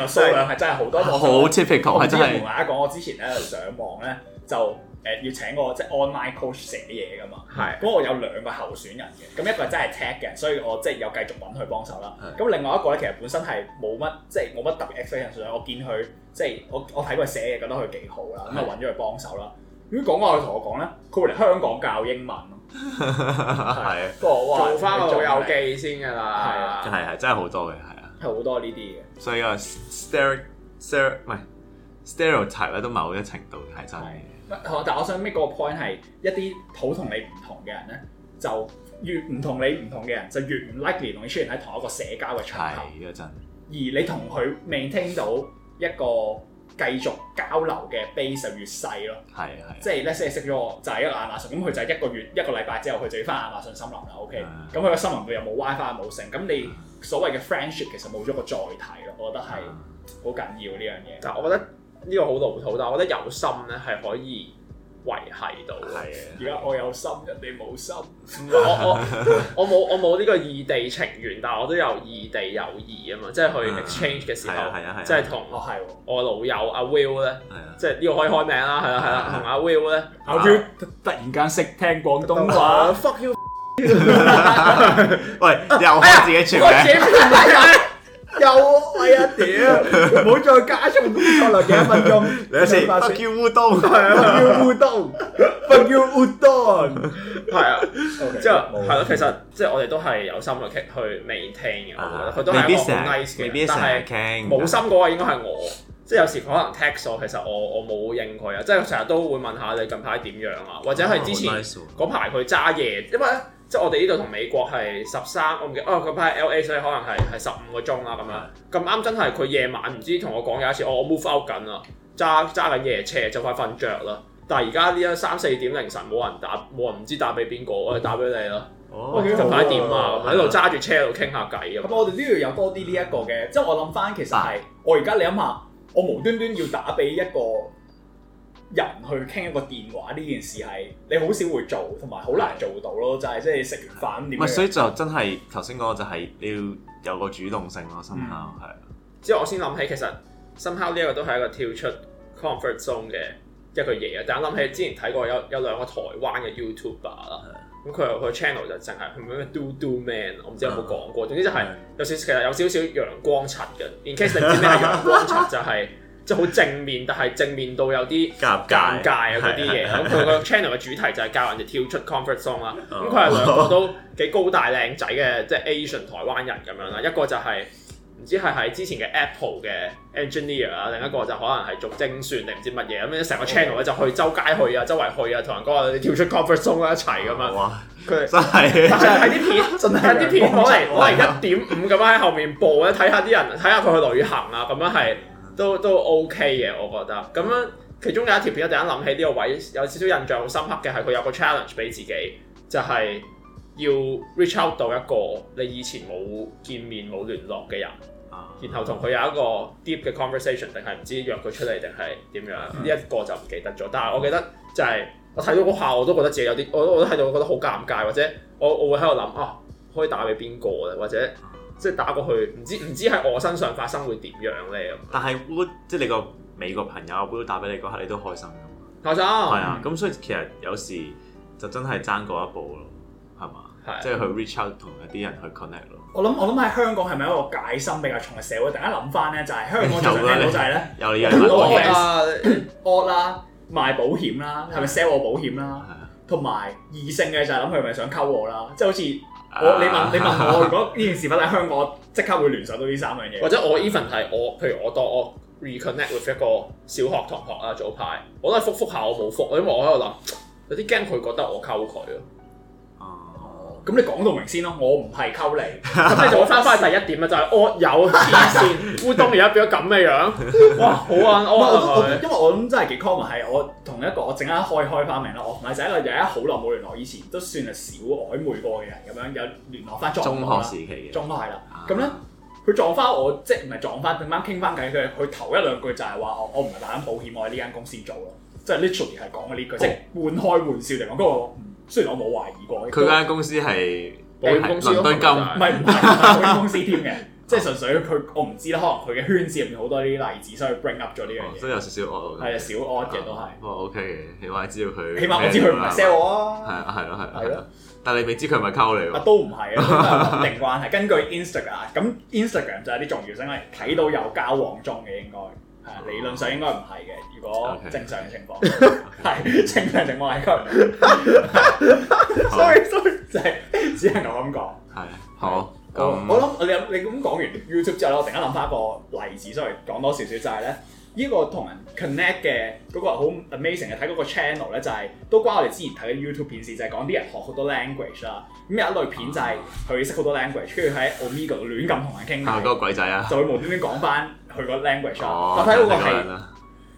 數量係真係好多，啊、pical, 我好 typical，我真係，同大家講我之前喺度上網咧就。誒要請個即係 online coach 寫啲嘢㗎嘛，係咁是我有兩個候選人嘅，咁一個係真係 fit 嘅，所以我即係又繼續揾佢幫手啦。咁是另外一個咧，其實本身係冇乜即係冇乜特別 experience，我見佢即係我我睇佢寫嘢覺得佢幾好啦，咁啊揾咗佢幫手啦。咦，講下佢同我講咧，佢會嚟香港教英文咯，係做返老友記先㗎啦，係係真係好多嘅係啊，係好多呢啲嘅，所以個 stere stere 唔係 stereotype 咧都某一程度係真係。 的我的但我想 make 個 point 係一啲好同你唔同嘅人咧，就越唔同你唔同嘅人就越唔 likely 同你出現喺同一個社交嘅場合。真而你同佢 maintain 到一個繼續交流嘅 base 就越細咯。係係。即係 last year 識咗就係一個亞馬遜，咁佢就一個月一個禮拜之後佢就要翻亞馬遜森林啦。OK，咁佢個森林度又冇 WiFi 冇線，咁你所謂嘅 friendship 其實冇咗個載體咯。我覺得係好緊要呢樣嘢。但我覺得。呢個好老土，但係我覺得有心咧係可以維繫到嘅。而家我有心，人哋冇心。我我我冇我冇呢個異地情緣，但係我都有異地友誼啊嘛，即係去 exchange 嘅時候，即係同我係我老友阿 Will 咧，即係呢個可以開名啦，係啦係啦，同阿 Will 咧，阿 Will 突然間識聽廣東話，fuck you！喂，又自己串。又威一屌，唔好再加重啲重量嘅份重。有事不叫烏冬，係啊，叫烏冬，不叫烏冬，係啊。即係，係咯。其實即係我哋都係有心去聽，去未聽嘅。我覺得佢都係好 nice 嘅，但係冇心嗰位應該係我。即係有時可能 text 我，其實我我冇應佢啊。即係成日都會問下你近排點樣啊，或者係之前嗰排佢揸嘢，因為。即係我哋呢度同美國係十三，我唔記得啊嗰排 L A 咧可能係係十五個鐘啦咁樣咁啱真係佢夜晚唔知同我講有一次，喔、我我 move 翻屋緊啦，揸揸緊夜車就快瞓着啦。但係而家呢一三四點凌晨冇人打，冇人唔知打俾邊個，我就打俾你啦。哦，咁快點啊！喺度揸住車度傾下偈咁。嗯嗯嗯、我哋都要有多啲呢一個嘅，即、就、係、是、我諗翻其實係我而家你諗下，我無端端要打俾一個。人去傾一個電話呢件事係你好少會做，同埋好難做到咯，就係即係食完飯點？唔、嗯、所以就真係頭先嗰個就係、是、你要有個主動性咯，深烤係。嗯、對之後我先諗起其實深烤呢一個都係一個跳出 comfort zone 嘅一個嘢，但我諗起之前睇過有有兩個台灣嘅 YouTuber 啦的，咁佢佢 channel 就淨係佢咩 Do Do Man，我唔知有冇講過。嗯、總之就係、是、的有少其實有少少陽光柒嘅。In case 你唔知咩係陽光柒 就係、是。即係好正面，但係正面到有啲尷尬啊嗰啲嘢。咁佢個 channel 嘅主題就係教人哋跳出 comfort zone 啦。咁佢係兩個都幾高大靚仔嘅，即係 Asian 台灣人咁樣啦。一個就係唔知係喺之前嘅 Apple 嘅 engineer 啊，另一個就可能係做精算定唔知乜嘢咁樣。成個 channel 咧就去周街去啊，周圍去啊，同人講話你跳出 comfort zone 一齊咁樣。佢真係係啲片，真係啲片攞嚟攞嚟一點五咁樣喺後面播咧，睇下啲人睇下佢去旅行啊咁樣係。都都 OK 嘅，我覺得咁樣。其中有一條片，我突然間諗起呢個位有少少印象深刻嘅係佢有個 challenge 俾自己，就係要 reach out 到一個你以前冇見面冇聯絡嘅人，然後同佢有一個 deep 嘅 conversation，定係唔知約佢出嚟定係點樣？呢一、mm hmm. 個就唔記得咗，但係我記得就係我睇到嗰下，我都覺得自己有啲，我都我都睇到我覺得好尷尬，或者我我會喺度諗啊，可以打俾邊個咧，或者？即係打過去，唔知唔知喺我身上發生會點樣咧咁。但係即係你個美國朋友我會打俾你嗰刻，你都開心嘅嘛？開心係啊！咁的、嗯、所以其實有時就真係爭嗰一步咯，係嘛？係的即係去 reach out 同一啲人去 connect 咯。我諗我諗喺香港係咪一個戒心比較重嘅社會？大家諗翻咧，就係、是、香港最難到就係、是、咧，有你有攞啊 惡啦、啊，賣保險啦，係咪 sell 我保險啦？同埋 異性嘅就係諗佢係咪想溝我，我啦？即、就、係、是、好似。我你問你問我，如果呢件事發生喺香港，即刻會聯想到呢三樣嘢。或者我 even 係我，譬如我當我 reconnect with 一個小學同學啦，早排我都係覆覆下，我冇覆，因為我喺度諗有啲驚佢覺得我溝佢啊。咁你講到明先咯，我唔係溝你，咁 你就我翻翻去第一點咧，就係惡友黐線烏冬，而家 變咗咁嘅樣，樣，哇，好暗惡啊！因為我諗真係幾 common 係我同一個我陣間開開翻名啦，我唔係一女，有一好耐冇聯絡，以前都算係小曖昧過嘅人咁樣有聯絡翻中學時期嘅中學係啦，咁咧佢撞翻我，即係唔係撞翻？定啱傾翻偈，佢佢頭一兩句就係話我唔係做保險，我喺呢間公司做咯，即係 literally 係講呢句，即係半開玩笑嚟講，不、嗯雖然我冇懷疑過，佢間公司係保險公司添㗎，唔係唔係保險公司添嘅，即係純粹佢我唔知啦，可能佢嘅圈子入面好多啲例子，所以 bring up 咗呢樣嘢，所以有少少 odd 嘅，係啊，小 odd 嘅都係。哦，OK 嘅，起碼知道佢，起碼我知佢唔係 sell 我。係啊。係啊，係咯，係，係咯。但係你未知佢係咪溝你都唔係啊，定關係。根據 Instagram，咁 Instagram 就係啲重要性，因為睇到有交往中嘅應該。理論上應該唔係嘅，如果正常嘅情況係，正常情況係佢，所以所以就係只能我咁講係好。我諗你咁講完 YouTube 之後，我突然間諗翻一個例子，所以講多少少就係、是、咧，呢、這個同人 connect 嘅嗰、那個好 amazing 嘅睇嗰個 channel 咧，就係、是、都關我哋之前睇 YouTube 片線，就係、是、講啲人學好多 language 啦。咁有一類片就係佢識好多 language，跟住喺、啊、Omegle 亂咁同人傾，係嗰、啊那個鬼仔啊，就會無端端講翻。 佢個 language，我睇嗰個係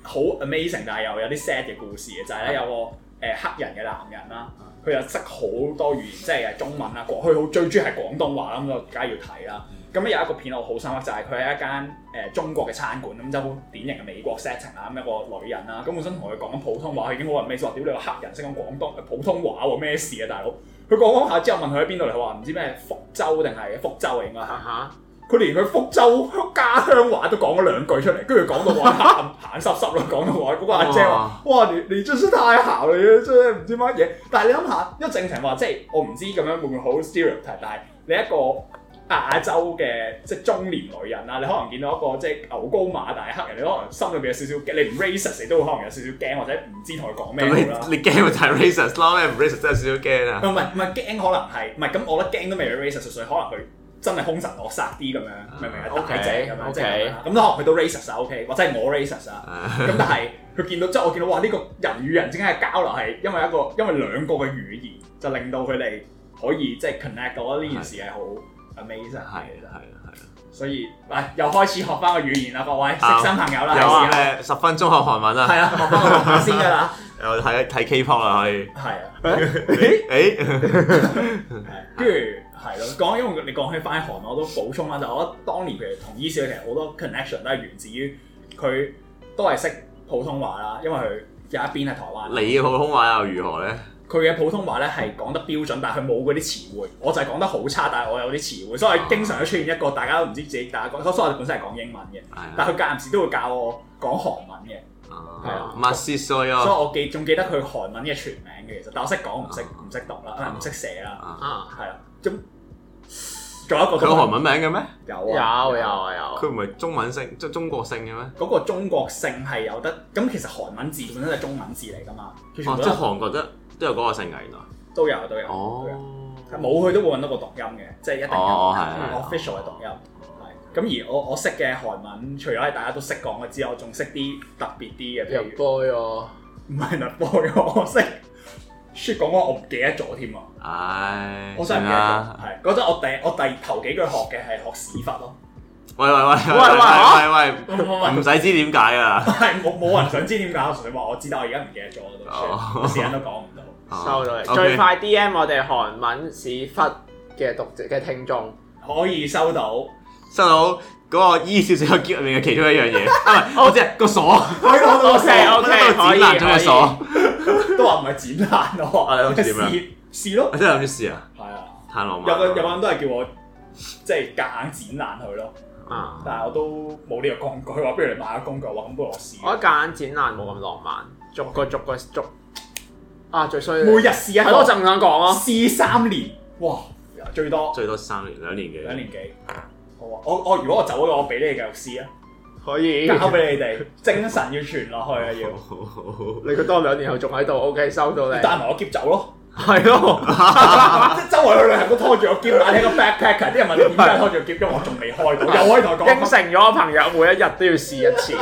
好 amazing，但係又有啲 sad 嘅故事嘅，就係咧有個誒黑人嘅男人啦，佢又識好多語言，即係中文啦，佢好最中意係廣東話啦，咁我梗係要睇啦。咁咧有一個片我好深刻，就係佢喺一間誒中國嘅餐館，咁就好典型嘅美國 setting 啊，咁一個女人啦，咁本身同佢講緊普通話，佢已經好 amazed，話屌你個黑人識講廣東普通話喎，咩事啊大佬？佢講講下之後問佢喺邊度嚟，佢話唔知咩福州定係福州嚟㗎。佢連佢福州家鄉話都講咗兩句出嚟，跟住講到話鹹鹹濕濕咯，講 到話嗰、嗰個阿姐話：哇，你你真係太鹹啦，真係唔知乜嘢！但係你諗下，因為正常話即係我唔知咁樣會唔會好 stereotype，但係你一個亞洲嘅即係中年女人啊，你可能見到一個即係牛高馬大黑人，你可能心裏邊有少少驚，你唔 racist 你都可能有少少驚或者唔知同佢講咩好啦。你驚就係 racist 咯，你唔 racist 真係少少驚啊！唔係唔係驚，可能係唔係咁，我覺得驚都未必 racist，純粹可能佢。真係兇神惡煞啲咁樣，明唔明啊？O K，正咁樣，O K，咁都學佢都 racist 啊，O K，或者係我 racist 啊，咁但係佢見到，即係我見到，哇！呢個人與人之間嘅交流係因為一個，因為兩個嘅語言，就令到佢哋可以即係 connect 到呢件事係好 amazing，係啊，係啊，係啊，所以嚟又開始學翻個語言啦，各位識新朋友啦，有誒十分鐘學韓文啊，係啊，學翻個韓文先㗎啦，又睇睇 K-pop 啦，可以，係啊，誒誒，跟住。係咯，講因為你講起翻韓文，我都補充啦。就我覺得當年，譬如同醫師，其實好多 connection 都係源自於佢都係識普通話啦，因為佢有一邊係台灣。你嘅普通話又如何咧？佢嘅普通話咧係講得標準，但係佢冇嗰啲詞彙。我就係講得好差，但係我有啲詞彙，所以經常都出現一個大家都唔知自己大家講。我所以我本身係講英文嘅，但係佢間唔時都會教我講韓文嘅。係啊，所以我記仲記得佢韓文嘅全名嘅，其實，但我識講唔識唔識讀啦，唔識寫啦，係啊。咁仲有一個佢係韓文名嘅咩、啊啊啊？有啊，有有、啊、有。佢唔係中文姓，即係中國姓嘅咩？嗰個中國姓係有得，咁其實韓文字本身係中文字嚟噶嘛。哦、啊，即係韓國得都有嗰個姓㗎，原來都有都有。哦，冇佢都，都會揾到個讀音嘅，即係一定有 official 嘅、哦啊啊啊、讀音。係咁、啊啊啊、而我我識嘅韓文，除咗係大家都識講嘅之外，我仲識啲特別啲嘅，譬如。Boy 喎、啊，唔係 n o Boy 我識。説，講我我唔記得咗添啊！唉，我真唔記得咗，係嗰陣我第我第，我第，我第頭幾句學嘅係學屎忽咯。喂喂喂喂喂喂喂， 唔使知點解啊！係冇冇人想知點解，我同你話我知道我而家唔記得咗，到書、哦、時間都講唔到、啊，收到嚟。最快 DM 我哋韓文屎忽嘅讀者嘅聽眾可以收到，收到。嗰個衣少少入面嘅其中一樣嘢，啊唔係，我知個鎖，個鎖，剪爛中嘅鎖，都話唔係剪爛喎，係試試咯，真係諗住試啊，係啊，太浪漫，有有個人都係叫我即係夾硬剪爛佢咯，啊，但係我都冇呢個工具，話不如你買下工具，話咁不如我試，我一得夾硬剪爛冇咁浪漫，逐個逐個逐，啊最衰，每日試啊，係咯，就咁講咯，試三年，哇最多最多三年兩年幾兩年幾。我我如果我走，我俾你哋繼續試啊！可以交俾你哋，精神要傳落去啊！要 oh, oh, oh, oh. 你佢多兩年後仲喺度，OK，收到你帶埋我篋走咯，係咯，即係周圍去旅行都拖住個篋，但係個 backpack。啲人問你點解拖住個篋？ 因為我仲未開到，又可以同你講，應承咗個朋友，每一日都要試一次。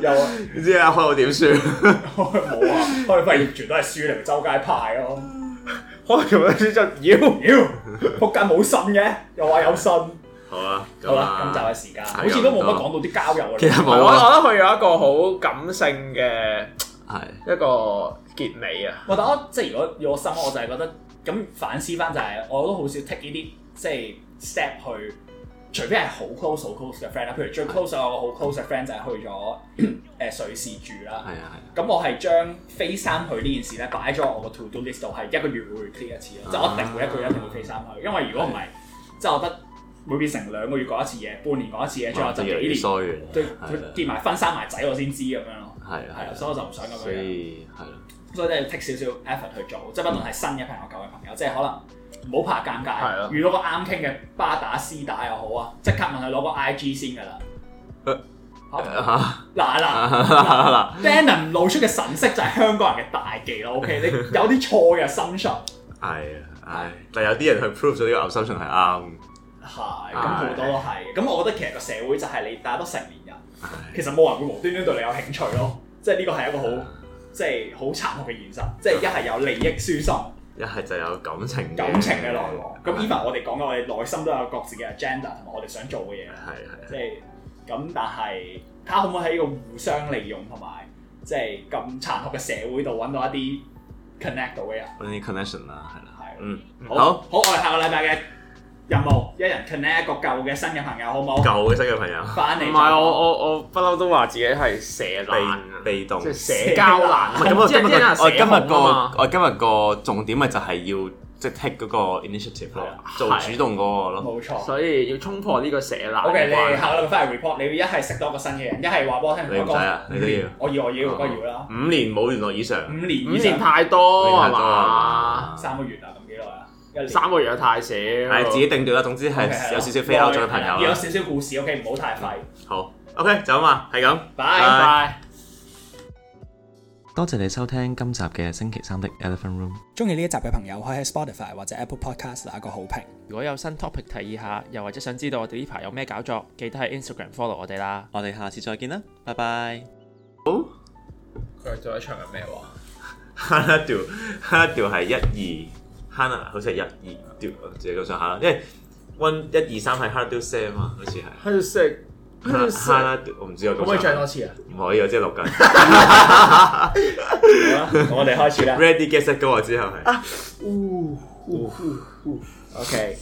又唔知啊？開到點算？開 冇 啊？開翻完全都係輸，嚟周街派咯、啊。開完之後就妖妖仆街冇信嘅，又話有信。 好啦、啊，好啦，今集嘅時間，的好似都冇乜講到啲交友嘅。其實冇，啊，我覺得佢有一個好感性嘅，係一個結尾啊。的我覺得即係如果我心，我就係覺得咁反思翻就係、是，我都好少 take 呢啲即係 step 去。除非係好 close 好 close 嘅 friend 啦，譬如最 close 有個好 close 嘅 friend 就係去咗誒 瑞士住啦。係啊係。咁我係將飛三去呢件事咧擺咗我個 to do list 度，係一個月會 tick 一次咯，即係、嗯、我一定會一個月一定會飛三去，因為如果唔係，即係我覺得。會變成兩個月過一次嘢，半年過一次嘢，最後就幾年。對，結埋婚生埋仔，我先知咁樣咯。係啊，係啊，所以我就唔想咁樣。所以所以都要 take 少少 effort 去做，即係不論係新嘅朋友、舊嘅朋友，即係可能唔好怕尷尬，遇到個啱傾嘅巴打絲打又好啊，即刻問佢攞個 IG 先㗎啦。好嗱嗱，Denim 露出嘅神色就係香港人嘅大忌咯。OK，你有啲錯嘅 assumption 係啊，係，但有啲人去 prove 咗呢個 assumption 係啱。係，咁好多都係。咁我覺得其實個社會就係你大家都成年人，其實冇人會無端端對你有興趣咯。即係呢個係一個好， 即係好殘酷嘅現實。即係一係有利益輸送，一係 就有感情感情嘅來往。咁依番我哋講嘅，我哋內心都有各自嘅 agenda 同埋我哋想做嘅嘢。係係的。即係咁，但係，睇下可唔可以喺呢個互相利用同埋，即係咁殘酷嘅社會度揾到一啲 connect 到嘅人。嗰啲 connection 啦，係啦，係的。對嗯，好好，好，好，好，我哋下個禮拜嘅。任務一人 connect 一個舊嘅新嘅朋友，好唔好？舊嘅新嘅朋友。唔係我我我不嬲都話自己係社懶、被動、社交難。即係今日個，我今日個重點咪就係要即係 take 嗰個 initiative 咯，做主動嗰個咯。冇錯，所以要衝破呢個社難。O K，你考慮翻嚟 report，你一係識多個新嘅人，一係話俾我聽。你都要，你都要。我要，我要，唔該要啦。五年冇聯絡以上，五年五年太多係嘛？三個月啦，咁幾耐啊？三個月太少，係、嗯、自己定調啦。總之係 Okay, 有少少飛鷗嘅朋友，有少少故事 OK，唔好太快、嗯。好 OK，就咁啊，係咁，拜拜。多謝你收聽今集嘅星期三的 Elephant Room。中意呢一集嘅朋友可以喺 Spotify 或者 Apple Podcast 打個好評。如果有新 topic 提議下，又或者想知道我哋呢排有咩搞作，記得喺 Instagram follow 我哋啦。我哋下次再見啦，拜拜。好，佢喺度唱緊咩話 h a r d e d e r 係一二。好似係一、二、do，自己咁上下啦，因為 one、一二三係 hard to say 嘛，好似係。hard to say，hard to say，我唔知啊，可唔可以再多次啊？唔可以啊，即係錄緊。好啦，我哋開始啦。Ready get set go 我之後係。啊，O K。